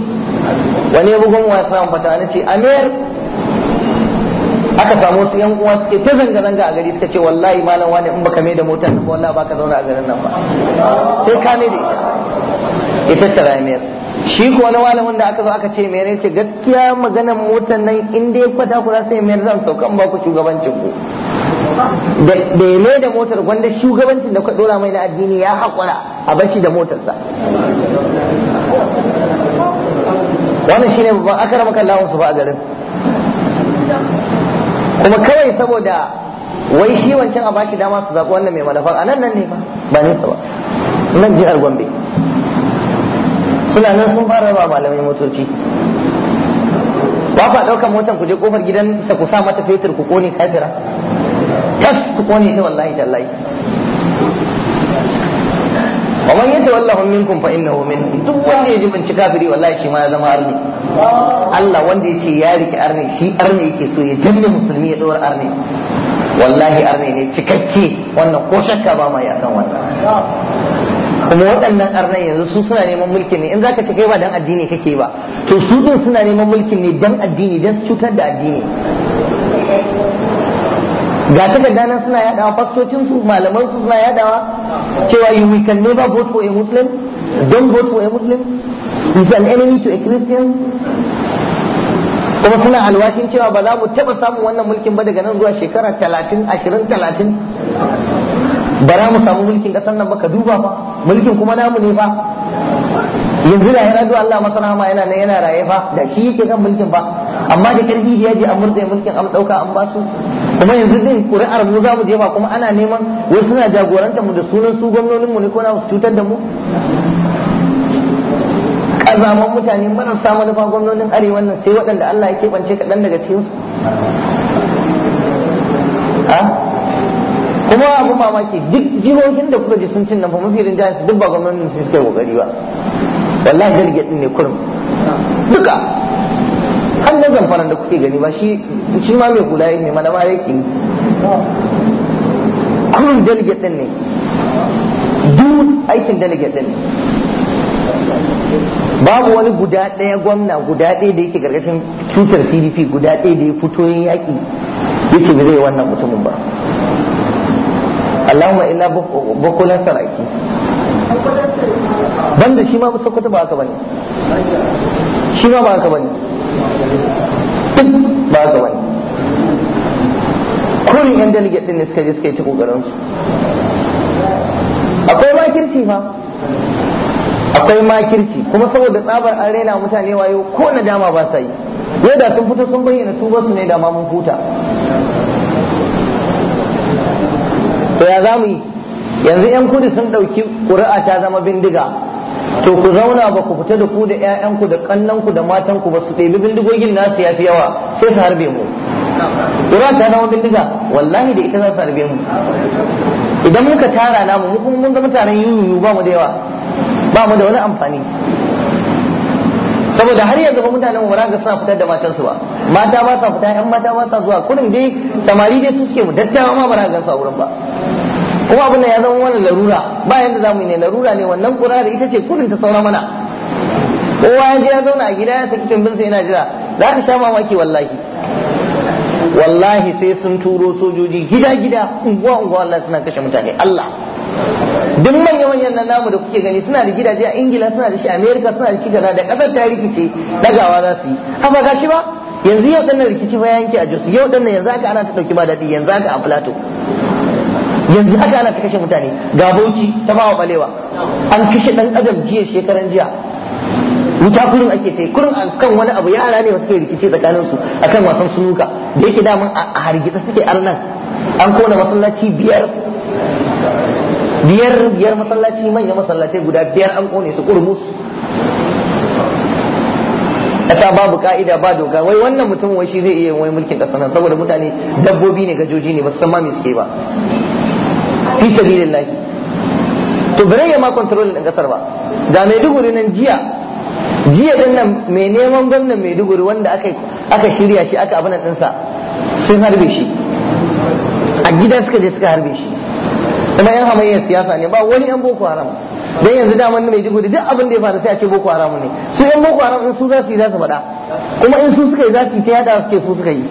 wani ya bugo min waya suna fata na ce amir aka samu wasu yan uwa suke ta zanga-zanga a gari suka ce wallahi malam wani in baka mai da motar nan wallahi baka zauna a garin nan ba sai ka mai da ita ita shara amir shi ko wani malamin da aka zo aka ce mai ce gaskiya maganan motar nan in dai kwata ku sai su mayar zan saukan ba ku shugabancin ku da ya mai da motar wanda shugabancin da ka dora mai na addini ya haƙura a bashi da motarsa wannan shine babban akara maka lawon su ba a garin kuma kawai saboda wai shi wancan a bashi dama su zaɓi wannan mai malafar a nan nan ne ba ba nesa ba nan jihar gombe suna nan sun fara raba malamai motoci ba ku ɗaukar motan ku je kofar sa ku sa mata fetur ku kone kafira tas ku kone ta wallahi tallahi wa man yatawallahu minkum fa innahu minhum duk wanda ya ji jibinci kafiri wallahi shi ma ya zama arni Allah wanda ya ce ya riƙe arni shi arni yake so ya danne musulmi ya ɗora arni wallahi arni ne cikakke wannan ko shakka ba ma ya kan wannan kuma waɗannan arna yanzu su suna neman mulkin ne in ka ce kai ba dan addini kake ba to su din suna neman mulkin ne dan addini dan su cutar da addini ga ta nan suna yadawa fastocin su malaman su suna yadawa cewa you we can never vote for a muslim don't vote for a muslim is an enemy to a christian kuma suna alwashin cewa ba za mu taɓa samun wannan mulkin ba daga nan zuwa shekara talatin ashirin talatin ba za mu samu mulkin ƙasar nan ba ka duba ba mulkin kuma namu ne fa yanzu da yana zuwa Allah masana ma yana nan yana raye fa da shi yake kan mulkin fa amma da karfi da yaji a murtsa mulkin an dauka an basu kuma yanzu din ƙuri'ar mu za mu ba kuma ana neman wasu suna jagoranta mu da sunan su gwamnonin mu ne ko na su cutar da mu kazaman mutane samu manufa gwamnonin arewa nan sai waɗanda Allah ya keɓance kaɗan daga cikin su ah? kuma abu mamaki duk jihohin da kuka ji sun cin nan ba mafi rinjayen su duk ba gwamnatin su suka yi kokari ba wallahi jirgin din ne kurum duka har na zamfaran da kuke gani ba shi shi ma mai kula ne mana ma yake kurum delegate din ne duk aikin delegate din ne babu wani guda ɗaya gwamna guda ɗaya da yake gargashin cutar pdp guda ɗaya da ya fito yin yaƙi yace ba zai wannan mutumin ba Allahumma illa bukulan saraki banda shi ma sokoto ba haka bane shi ma ba haka bane ba haka bane kurin yan delegate din ne suka je suka yi ci kokarin su akwai makirci ma? akwai makirci kuma saboda tsabar an raina mutane wayo ko na dama ba sa yi yau da sun fito sun bayyana su ba su ne da ma mun huta to ya zamu yi yanzu yan kudu sun ɗauki ƙuri'a ta zama bindiga to ku zauna ba ku fita da ku da ƴaƴanku da ƙannanku da matanku ba su ɗebi bindigogin nasu ya fi yawa sai su harbe mu ƙuri'a ta zama bindiga wallahi da ita za su harbe mu idan muka tara namu mu kuma mun ga mutanen yuyu ba mu da yawa ba mu da wani amfani saboda har yanzu ba mutanen ba ga suna fitar da matansu ba mata ba sa fita yan mata ba sa zuwa kurin dai samari dai su suke mu dattawa ma ba ga su a wurin ba kuma abin ya zama wani larura ba yadda za mu yi ne larura ne wannan kura da ita ce kurin ta saura mana kowa ya je ya zauna a gida ya saki tambin sai yana jira za ka sha mamaki wallahi wallahi sai sun turo sojoji gida gida unguwa unguwa Allah suna kashe mutane Allah duk manyan manyan nan namu da kuke gani suna da gidaje a Ingila suna da shi America suna da kigala da kasar ta rikice dagawa za su yi amma ga shi ba yanzu yau dan rikici ba yanki a Jos yau dan yanzu aka ana ta dauki ba dadi yanzu aka a Plato yanzu aka ana kashe mutane ga bauchi ta bawa balewa an kashe dan adam jiya shekaran jiya wuta kurin ake kai kurin kan wani abu yara ne suke rikici tsakanin su akan wasan sunuka da yake daman a hargitsa suke arnan an kona masallaci biyar biyar biyar masallaci manyan masallacai guda biyar an kone su kurmus kasa babu ka'ida ba doka wai wannan mutum wai shi zai iya wai mulkin kasa nan saboda mutane dabbobi ne gajoji ne ba su san ma me suke ba fi sabilillah to bare ya ma control din kasar ba da duguri nan jiya jiya din nan mai neman gwamnan duguri wanda aka aka shirya shi aka abin din sa sun harbe shi a gida suka je suka harbe shi kuma yan hamayya siyasa ne ba wani yan boko haram dan yanzu mai duguri duk abin da ya faru sai a ce boko haram ne su yan boko haram in su za su yi za su faɗa kuma in su suka yi za su yi ta yada suke su suka yi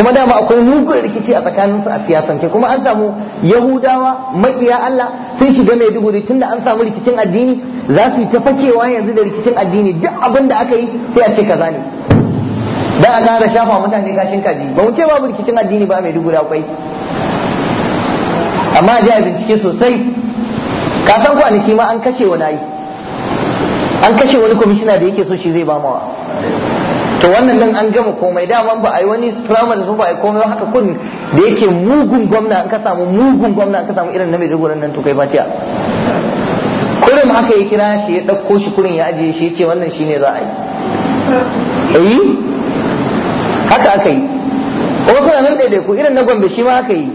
kuma dama akwai mugun rikici a tsakanin su a siyasance kuma an samu yahudawa makiya Allah sun shiga mai duguri tunda an samu rikicin addini za su yi ta fakewa yanzu da rikicin addini duk abin da aka yi sai a ce kaza ne dan a kara shafa mutane gashin kaji ba mu ce babu rikicin addini ba mai da akwai amma a a bincike sosai ka san ku ma an kashe wani an kashe wani kwamishina da yake so shi zai ba mawa to wannan nan an gama komai da ba a yi wani firamare ba a yi komai haka kun da yake mugun gwamna an ka samu mugun gwamna an ka samu irin na mai dogon nan to kai fatiya kullum haka ya kira shi ya ɗauko shi kurin ya ajiye shi ya ce wannan shine za a yi eh haka aka yi wasu na nan ku irin na gombe shi ma aka yi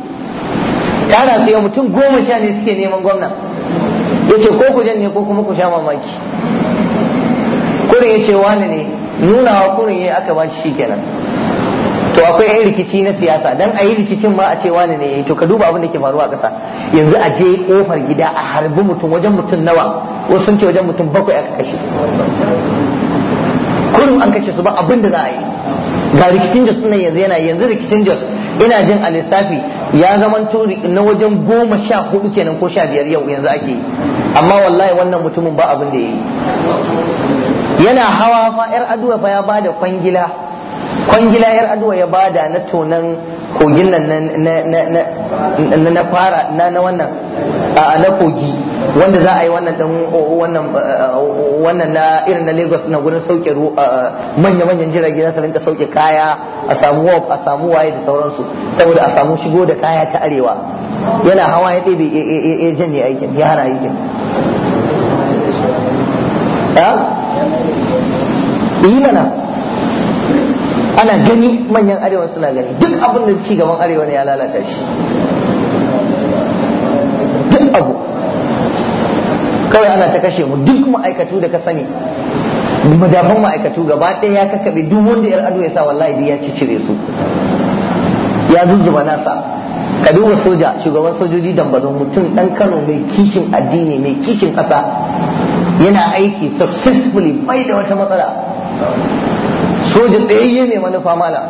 tara su mutum goma sha ne suke neman gwamna ya ce ko ku ne ko kuma ku sha mamaki kurin ya ce wani ne nunawa kurin yayi aka bashi shikenan to akwai yan rikici na siyasa dan a yi rikicin ma a ce wani ne to ka duba abin da ke faruwa a ƙasa yanzu a je kofar gida a harbi mutum wajen mutum nawa wasu sun ce wajen mutum bakwai aka kashe kullum an kashe su ba abin da za a yi ga rikicin jos ɗin yanzu yana yanzu rikicin jos ina jin a lissafi ya zaman turi na wajen goma sha hudu kenan ko sha biyar yau yanzu ake yi amma wallahi wannan mutumin ba abin da ya yi yana hawa fa yar aduwa fa ya bada kwangila kwangila yar aduwa ya bada na tonan kogin nan na na fara na na wannan a na kogi wanda za a yi wannan dan wannan wannan na irin na Lagos na gurin sauke manya-manyan jirage za su rinka sauke kaya a samu wop a samu waye da sauransu saboda a samu shigo da kaya ta arewa yana hawa ya ɗebe ya janye aikin ya hana aikin yi mana ana gani manyan arewa suna gani duk abin da ci gaban arewa ne ya lalata shi duk abu kawai ana ta kashe mu duk ma'aikatu da ka sani madafan ma'aikatu gaba ɗaya ya kakaɓe duk wanda yar ado ya sa wallahi ya cire su ya zuzzuba nasa ka duba soja shugaban sojoji dambazon mutum dan kano mai kishin addini mai kishin ƙasa yana aiki successfully bai da wata matsala sojin ɗayayye mai manufa mala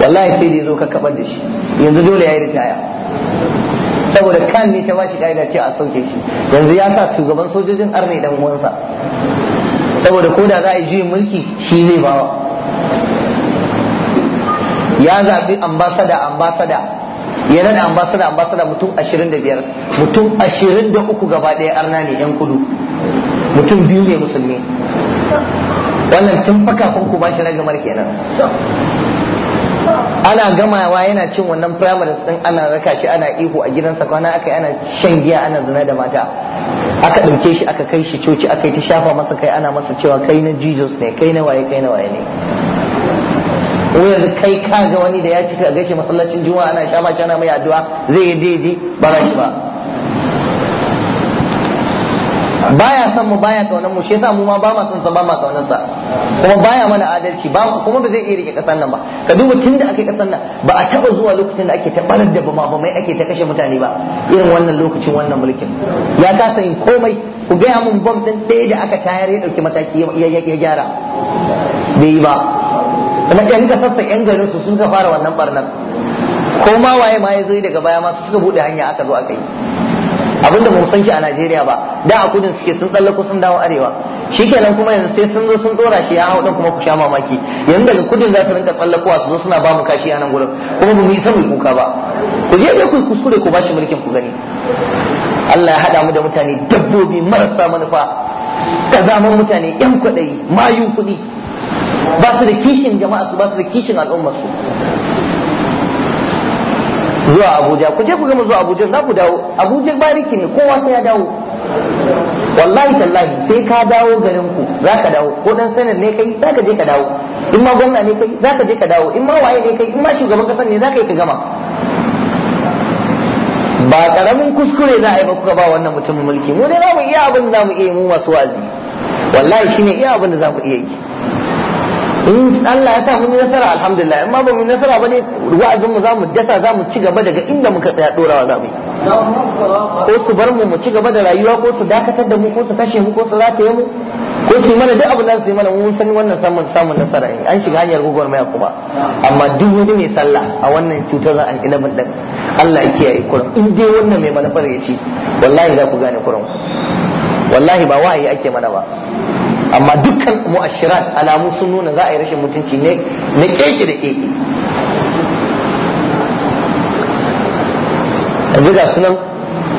wallahi sai da ya zo ka kabar da shi yanzu dole ya yi ritaya saboda kan ne ta ba shi ka'ida ce a sauke shi yanzu ya sa shugaban sojojin arne dan uwansa saboda ko da za a yi juyin mulki shi zai bawa ya zaɓi ambasada ambasada ya nada ambasada ambasada mutum biyar mutum uku gaba ɗaya arna ne yan kudu mutum biyu ne musulmi wannan tun baka ku ba shi na ragamar kenan ana gamawa yana cin wannan primaries din ana raka shi ana ihu a gidansa kwana aka ana shan giya ana zina da mata aka ɗauke shi aka kai shi coci aka yi ta shafa masa kai ana masa cewa kai na jesus ne kai na waye kai na waye ne yanzu kai ka ga wani da ya cika gashi masallacin juma'a ana shafa shi ana mai addu'a zai yi daidai ba shi ba baya son mu baya kaunar mu shi yasa mu ma ba ma son sa ba ma kaunar sa kuma baya mana adalci ba kuma ba zai iya rike kasar nan ba ka duba tunda ake kasan nan ba a taba zuwa lokacin da ake ta barar da ba ba mai ake ta kashe mutane ba irin wannan lokacin wannan mulkin ya kasa yin komai ku gaya mun bom din ɗaya da aka tayar ya dauki mataki ya gyara bai yi ba kuma yan kasar sa yan garin su sun ka fara wannan barnar ko ma waye ma ya zo daga baya ma suka bude hanya aka zo aka yi abinda mun mu san shi a Najeriya ba da a kudin suke sun tsallako sun dawo arewa shi shikenan kuma yanzu sai sun zo sun dora shi ya hau dan kuma ku sha mamaki yanzu daga kudin za su rinka tsallakowa su zo suna ba mu kashi a nan gurin kuma ba mu yi samun kuka ba ku je ku kuskure ku bashi mulkin ku gani Allah ya hada mu da mutane dabbobi marasa manufa kazaman mutane yan kwaɗayi mayu kuɗi ba su da kishin jama'a su ba su da kishin al'ummar su zuwa abuja ku je ku gama zuwa abuja za ku dawo abuja bariki ne kowa sai ya dawo wallahi tallahi sai ka dawo garin ku za ka dawo ko dan sanar ne kai za ka je ka dawo in ma gwamna ne kai za ka je ka dawo in ma waye ne kai in ma shugaban kasar ne za ka yi ka gama ba karamin kuskure za a yi ba kuka ba wannan mutumin mulki mu dai za mu iya abin da za mu iya mu masu wazi wallahi shine iya abin da za mu iya yi in Allah ya sa mun yi nasara alhamdulillah amma ba mu yi nasara bane wa'azin mu zamu dasa zamu ci gaba daga inda muka tsaya dorawa zamu ko su bar mu mu ci gaba da rayuwa ko su dakatar da mu ko su kashe mu ko su rataye mu ko su mana duk abin da su yi mana mun san wannan samun samun nasara ne an shiga hanyar gugwar mai kuma amma duk wani mai sallah a wannan cutar za a ilimin din Allah ya kiyaye kuran in dai wannan mai manufar ya ci wallahi za ku gane kuran wallahi ba wa'ayi ake mana ba amma dukkan mu'ashirat alamu sun nuna za a yi rashin mutunci ne na keke da keke yanzu ga sunan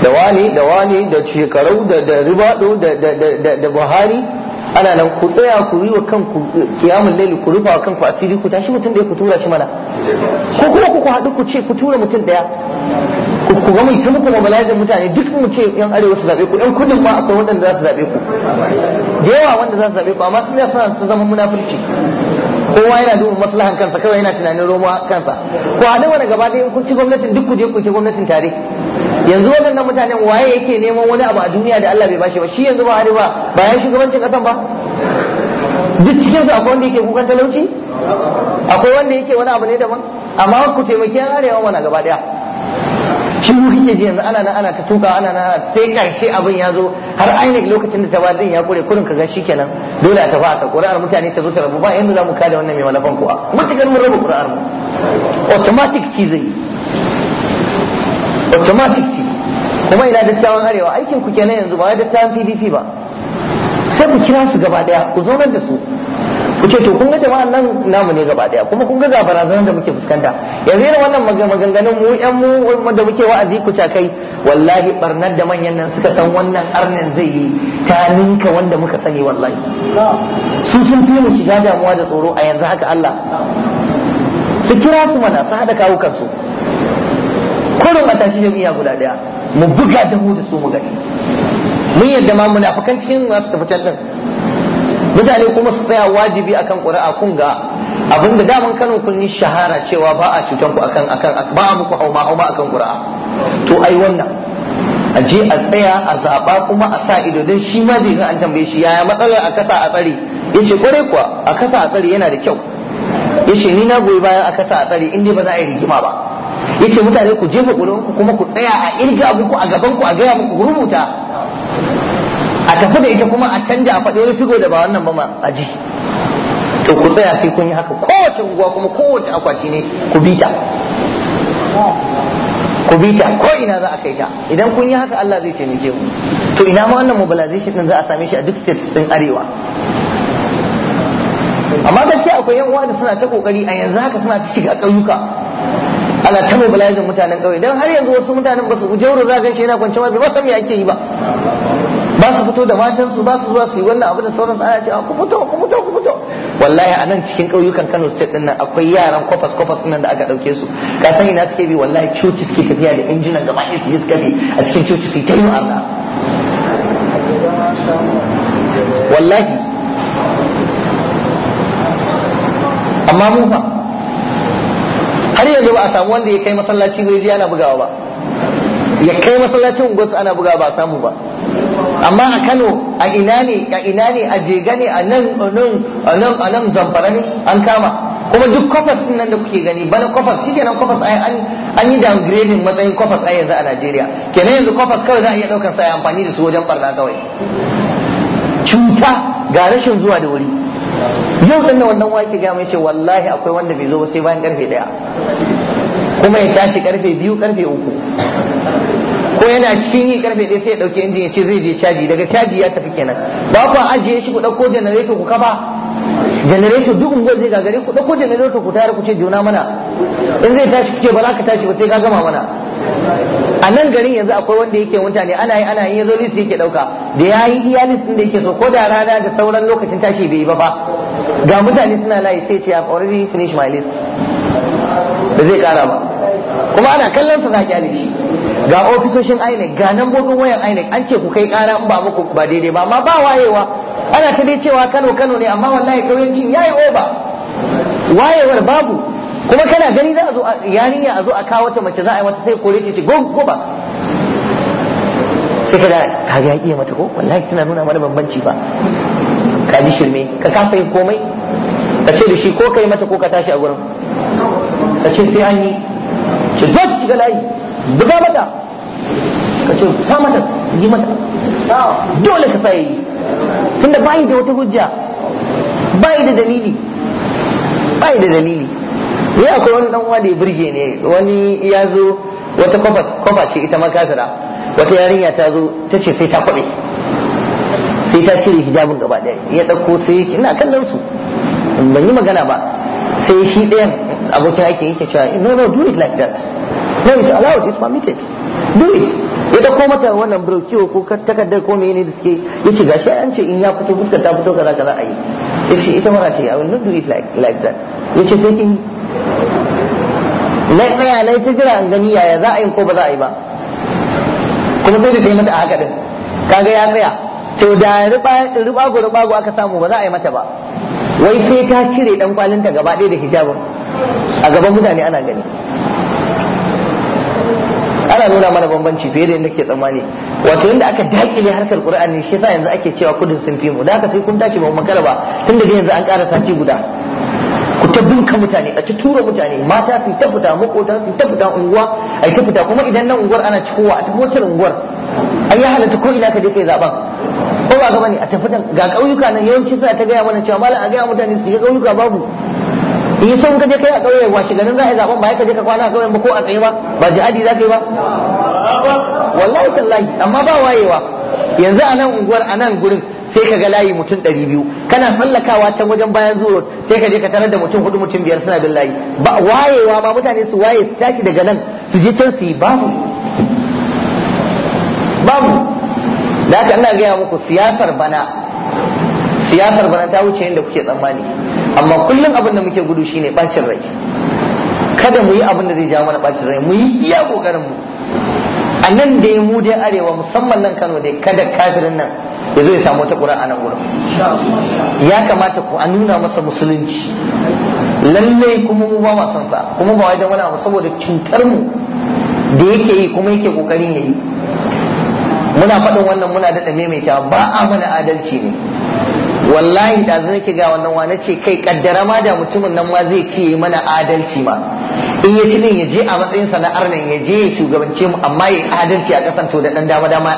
da wani da wani da shekarau da da ribado da buhari ana nan ku tsaya ku yi wa kanku kiyamun eh, laili ku rufa wa kanku asiri ku tashi mutum daya ku tura shi mana ko kuma ku haɗu ku ce ku tura mutum daya. ku ga mai kuma muku mobilizing mutane duk mu ce yan arewa su zabe ku yan kudin ma akwai waɗanda za su zabe ku da yawa wanda za su zabe ku amma sun yasa su zama munafurci kowa yana duba maslahan kansa kawai yana tunanin roma kansa ku haɗu wani gaba ɗaya kun ci gwamnatin duk ku je ku ci gwamnatin tare yanzu waɗannan mutanen waye yake neman wani abu a duniya da Allah bai bashi ba shi yanzu ba hari ba ba ya shugabancin ƙasan ba duk cikin su akwai wanda yake kukan talauci akwai wanda yake wani abu ne daban amma ku taimaki yan arewa mana gaba ɗaya shiru kake yanzu ana na ana ta tuka ana na sai karshe abin ya zo har ainihin lokacin da tawadin ya kure kurin ga shikenan dole a tafi aka al mutane ta zo ta rabu ba yanzu za mu kada wannan mai malafan kuwa mutukar mun rabu kura'ar mu automatic ci zai yi automatic ci kuma ina dattawan arewa aikin ku kenan yanzu ba wai dattawan PDP ba sai ku kira su gaba daya ku nan da su kuce to kun ga jama'an nan namu ne gaba daya kuma kun ga ga barazanar da muke fuskanta yanzu irin wannan maganganun mu yan mu da muke wa'azi ku kai wallahi barnar da manyan nan suka san wannan arnin zai yi ta ninka wanda muka sani wallahi su sun fi mu shiga damuwa da tsoro a yanzu haka Allah su kira su mana su hada kawo kansu a matashi jami'a guda daya mu buga da mu da su mu gani mun yadda ma munafikan cikin masu tafi can mutane kuma su tsaya wajibi akan ƙuri'a kun ga abin da daman kanin kun yi shahara cewa ba a cutan ku akan akan ba a muku hauma hauma akan ƙuri'a to ai wannan a je a tsaya a zaɓa kuma a sa ido don shi ma zai an tambaye shi yaya matsalar a kasa a tsare ce ƙwarai kuwa a kasa a tsare yana da kyau Ya ce ni na goyi bayan a kasa a tsare in dai ba za a yi rigima ba Ya ce mutane ku jefa ƙuri'unku kuma ku tsaya a irga ku a gaban ku a gaya muku rubuta a tafi da ita kuma a canja a faɗi wani figo da ba wannan ba ma ji. to ku tsaya sai kun yi haka kowace unguwa kuma kowace akwati ne ku bi ta ku bi ta ko ina za a kai ta idan kun yi haka Allah zai taimake mu to ina ma wannan mobilization din za a same shi a duk states din arewa amma gaskiya akwai yan uwa da suna ta kokari a yanzu haka suna ta shiga ƙauyuka ana ta mobilizing mutanen ƙauye don har yanzu wasu mutanen ba su jauro za a ganshi yana kwance ma bai ba san me ake yi ba ba su fito da su ba su zuwa su yi wannan abu da sauransu ana cewa ku fito ku fito ku fito wallahi a nan cikin ƙauyukan Kano state din nan akwai yaran kofas kofas nan da aka ɗauke su ka sani ina suke bi wallahi coci suke tafiya da injinan da bayan su yi suka bi a cikin coci su ta yi wallahi amma mu ba har yanzu ba a samu wanda ya kai masallaci wai ana bugawa ba ya kai masallacin gwasu ana bugawa ba a samu ba amma a kano a ina ne a ina ne a jega ne a nan a nan a nan zamfara ne an kama kuma duk kofas nan da kuke gani bana kofas shi kenan kofas ai an an yi downgrading matsayin kofas ai yanzu a Najeriya kenan yanzu kofas kawai za a iya daukar sai amfani da su wajen barna kawai cuta ga rashin zuwa da wuri yau dan wannan wake ga mai ce wallahi akwai wanda bai zo ba sai bayan karfe daya kuma ya tashi karfe biyu karfe uku yana cikin yi karfe ɗaya sai ya ɗauki injin ya ce zai je caji daga caji ya tafi kenan ba ku ajiye shi ku ɗauko janareto ku kafa janareto duk unguwar zai gagare ku ɗauko janareto ku tayar ku ce juna mana in zai tashi ku ce ba za ka tashi ba sai ka gama mana a nan garin yanzu akwai wanda yake ne ana yi ana yi yazo list yake dauka da ya iya list din da yake so ko da rana da sauran lokacin tashi bai yi ba ba ga mutane suna layi sai ce I've already finished my list ba zai kara ba kuma ana kallon sa za kyale shi ga ofisoshin INEC ga nambobin wayan INEC an ce ku kai kara ba muku ba daidai ba amma ba wayewa ana ta dai cewa Kano Kano ne amma wallahi kauyancin yayi oba wayewar babu kuma kana gani za a zo yarinya a zo a kawo ta mace za a yi mata sai kore ta ce go go ba sai ka da ka ga yaƙi mata ko wallahi tana nuna mana bambanci ba ka ji shirme ka kafa yin komai ka ce da shi ko ka yi mata ko ka tashi a gurin ka ce sai an yi ki zo ki ga layi buga mata ka ce sa mata yi mata dole ka sai tunda bayi da wata hujja bayi da dalili bayi da dalili ya akwai wani dan uwa da ya ne wani ya zo wata kwafa ce ita makasara wata yarinya ta zo ta ce sai ta kwabe sai ta cire hijabin gaba ɗaya ya ɗauko sai ina kallon su ban yi magana ba sai shi ɗayan abokin aiki yake cewa no no do it like that no it's allowed it's permitted do it ita ko mata wannan brokiyo ko takardar ko mene da suke yace gashi an ce in ya fito fuskar ta fito kaza kaza ayi sai shi ita mara ce i will not do it like like that yace sai in na tsaya na ta jira an gani yaya za a yi ko ba za a yi ba kuma sai da ta yi mata a haka din kaga ya tsaya to da rubago rubago aka samu ba za a yi mata ba wai sai ta cire dan kwalinta gaba ɗaya da hijabin a gaban mutane ana gani ana nuna mana bambanci fiye da yadda ke tsammani wato yadda aka dakile harkar qur'ani shi yasa yanzu ake cewa kudin sun fi mu da haka sai kun dace ba makara ba tun da yanzu an ƙara sati guda ku ta binka mutane a ci tura mutane mata su ta fita makota su ta fita unguwa a ta fita kuma idan nan unguwar ana cikowa a tafi wacce unguwar an yi halatta ko ina ka je kai zaben ko ba gaba ne a tafi ga ƙauyuka nan yawanci sa ta gaya mana cewa malam a gaya mutane su ga ƙauyuka babu in sun ka je kai a kauye washe ganin za a yi zaɓen ba ya ka je ka kwana a ƙauyen ba ko a tsaye ba ba jihadi za ka yi ba wallahi tallahi amma ba wayewa yanzu a nan unguwar a nan gurin sai ka ga layi mutum ɗari biyu kana sallakawa can wajen bayan zuwa sai ka je ka tarar da mutum hudu mutum biyar suna bin layi ba wayewa ba mutane su waye su tashi daga nan su je can su yi babu babu da haka ina gaya muku siyasar bana siyasar bana ta wuce yadda kuke tsammani amma kullum abin da muke gudu shine bacin rai kada mu yi abin da zai ja mana bacin rai mu yi iya kokarin mu a nan da ya mu dai arewa musamman nan Kano dai kada kafirin nan ya zo ya samu ta Qur'ani nan gurin ya kamata ku a nuna masa musulunci lallai kuma mu ba masan sa kuma ba wai da wani abu saboda cutar mu da yake yi kuma yake kokarin yayi muna faɗin wannan muna da maimaita ba a mana adalci ne wallahi da zai ga wannan wane ce kai kaddara ma da mutumin nan ma zai ci mana adalci ma in ya ci din ya je a matsayin sa na ya je ya shugabance mu amma ya adalci a kasan to da dan dama dama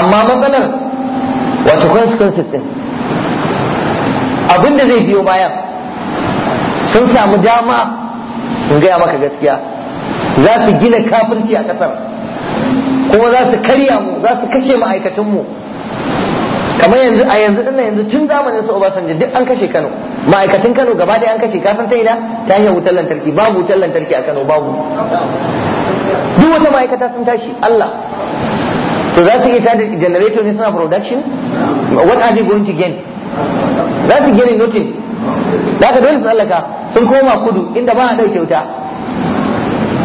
amma matsalar wato consequences din abinda da zai biyo bayan sun samu dama in gaya maka gaskiya za su gina kafirci a kasar kuma za su karya mu za su kashe ma'aikatanmu mu kamar yanzu a yanzu din yanzu tun zamanin su Obasanjo duk an kashe Kano ma'aikatan Kano gaba ɗaya an kashe ka ta ina ta hanyar wutar lantarki babu wutar lantarki a Kano babu duk wata ma'aikata sun tashi Allah to za su iya tada generator ne suna production what are they going to gain za su gain nothing da ka dole su tsallaka sun koma kudu inda ba a ɗauke wuta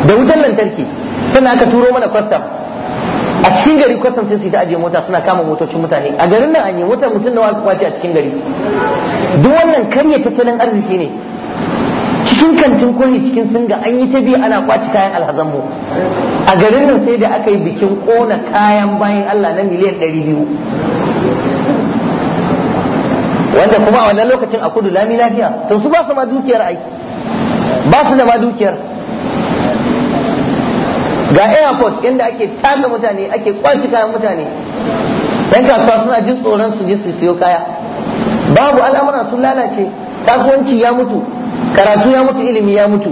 da wutar lantarki sannan aka turo mana kwastam a cikin gari kwasan sai su yi ta ajiye mota suna kama motocin mutane a garin nan an yi mota mutum nawa aka kwace a cikin gari duk wannan karya tattalin arziki ne cikin kantin kwani cikin singa an yi ta biyu ana kwaci kayan alhazanmu a garin nan sai da aka yi bikin kona kayan bayan Allah na miliyan ɗari biyu wanda kuma a wannan lokacin a kudu lami lafiya to su ba su ma dukiyar aiki ba su da ma dukiyar ga airport inda ake tasa mutane ake kwanci kayan mutane yan kasuwa suna jin tsoron su je su siyo kaya babu al'amuran sun lalace kasuwanci ya mutu karatu ya mutu ilimi ya mutu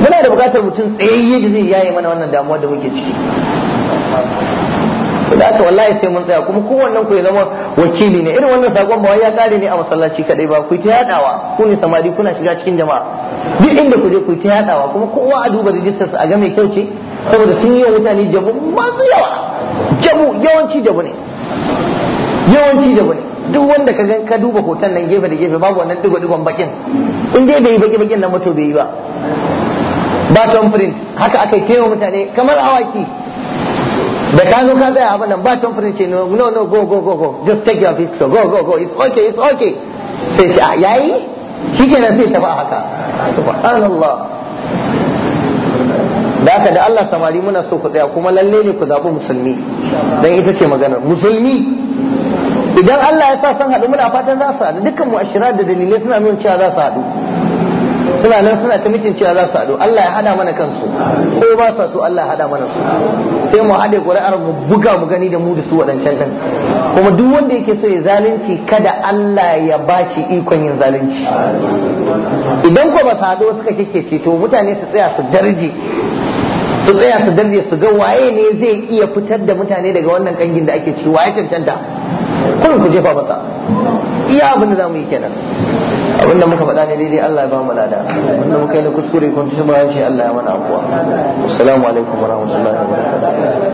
muna da bukatar mutum tsayayye da zai yaye mana wannan damuwa da muke ciki to da aka wallahi sai mun tsaya kuma kowannen ku ya zama wakili ne irin wannan sakon ba ya kare ne a masallaci kadai ba ku ta yadawa ku ne samari kuna shiga cikin jama'a duk inda ku je ku ta yadawa kuma kowa a duba rijistar a ga mai kyau ce saboda sun yi wa mutane jabu masu yawa jabu yawanci jabu ne yawanci jabu ne duk wanda ka ka duba hoton nan gefe da gefe babu wannan digo digon bakin in dai bai baki bakin nan mato bai yi ba ba tamprint haka aka yi mutane kamar awaki da ka zo ka tsaya abin nan ba tun ce no no go go go go just take your visa go go go it's okay it's okay sai shi ah, yayi shi kenan sai tafi haka subhanallah da haka da Allah samari muna so ku tsaya kuma lalle ne ku zaɓi musulmi dan ita ce magana musulmi idan Allah ya sa san haɗu muna fatan za su haɗu dukkan mu ashirar da dalilai suna nuna cewa za su haɗu suna nan suna ta mitin cewa za su haɗu Allah ya hada mana kansu ko ba sa so Allah ya hada mana su sai mu haɗe ƙuri'ar mu buga mu gani da mu da su waɗancan kan kuma duk wanda yake so ya zalunci kada Allah ya ba shi ikon yin zalunci idan ko ba su haɗu suka kike to mutane su tsaya su darje su tsaya su darje su ga waye ne zai iya fitar da mutane daga wannan kangin da ake ci waye cancanta kurin ku jefa masa iya abin da za mu yi kenan abin muka faɗa ne daidai Allah ya ba mu lada wanda muka yi na kuskure kun ci bayan shi Allah ya mana afuwa assalamu alaikum warahmatullahi wabarakatuh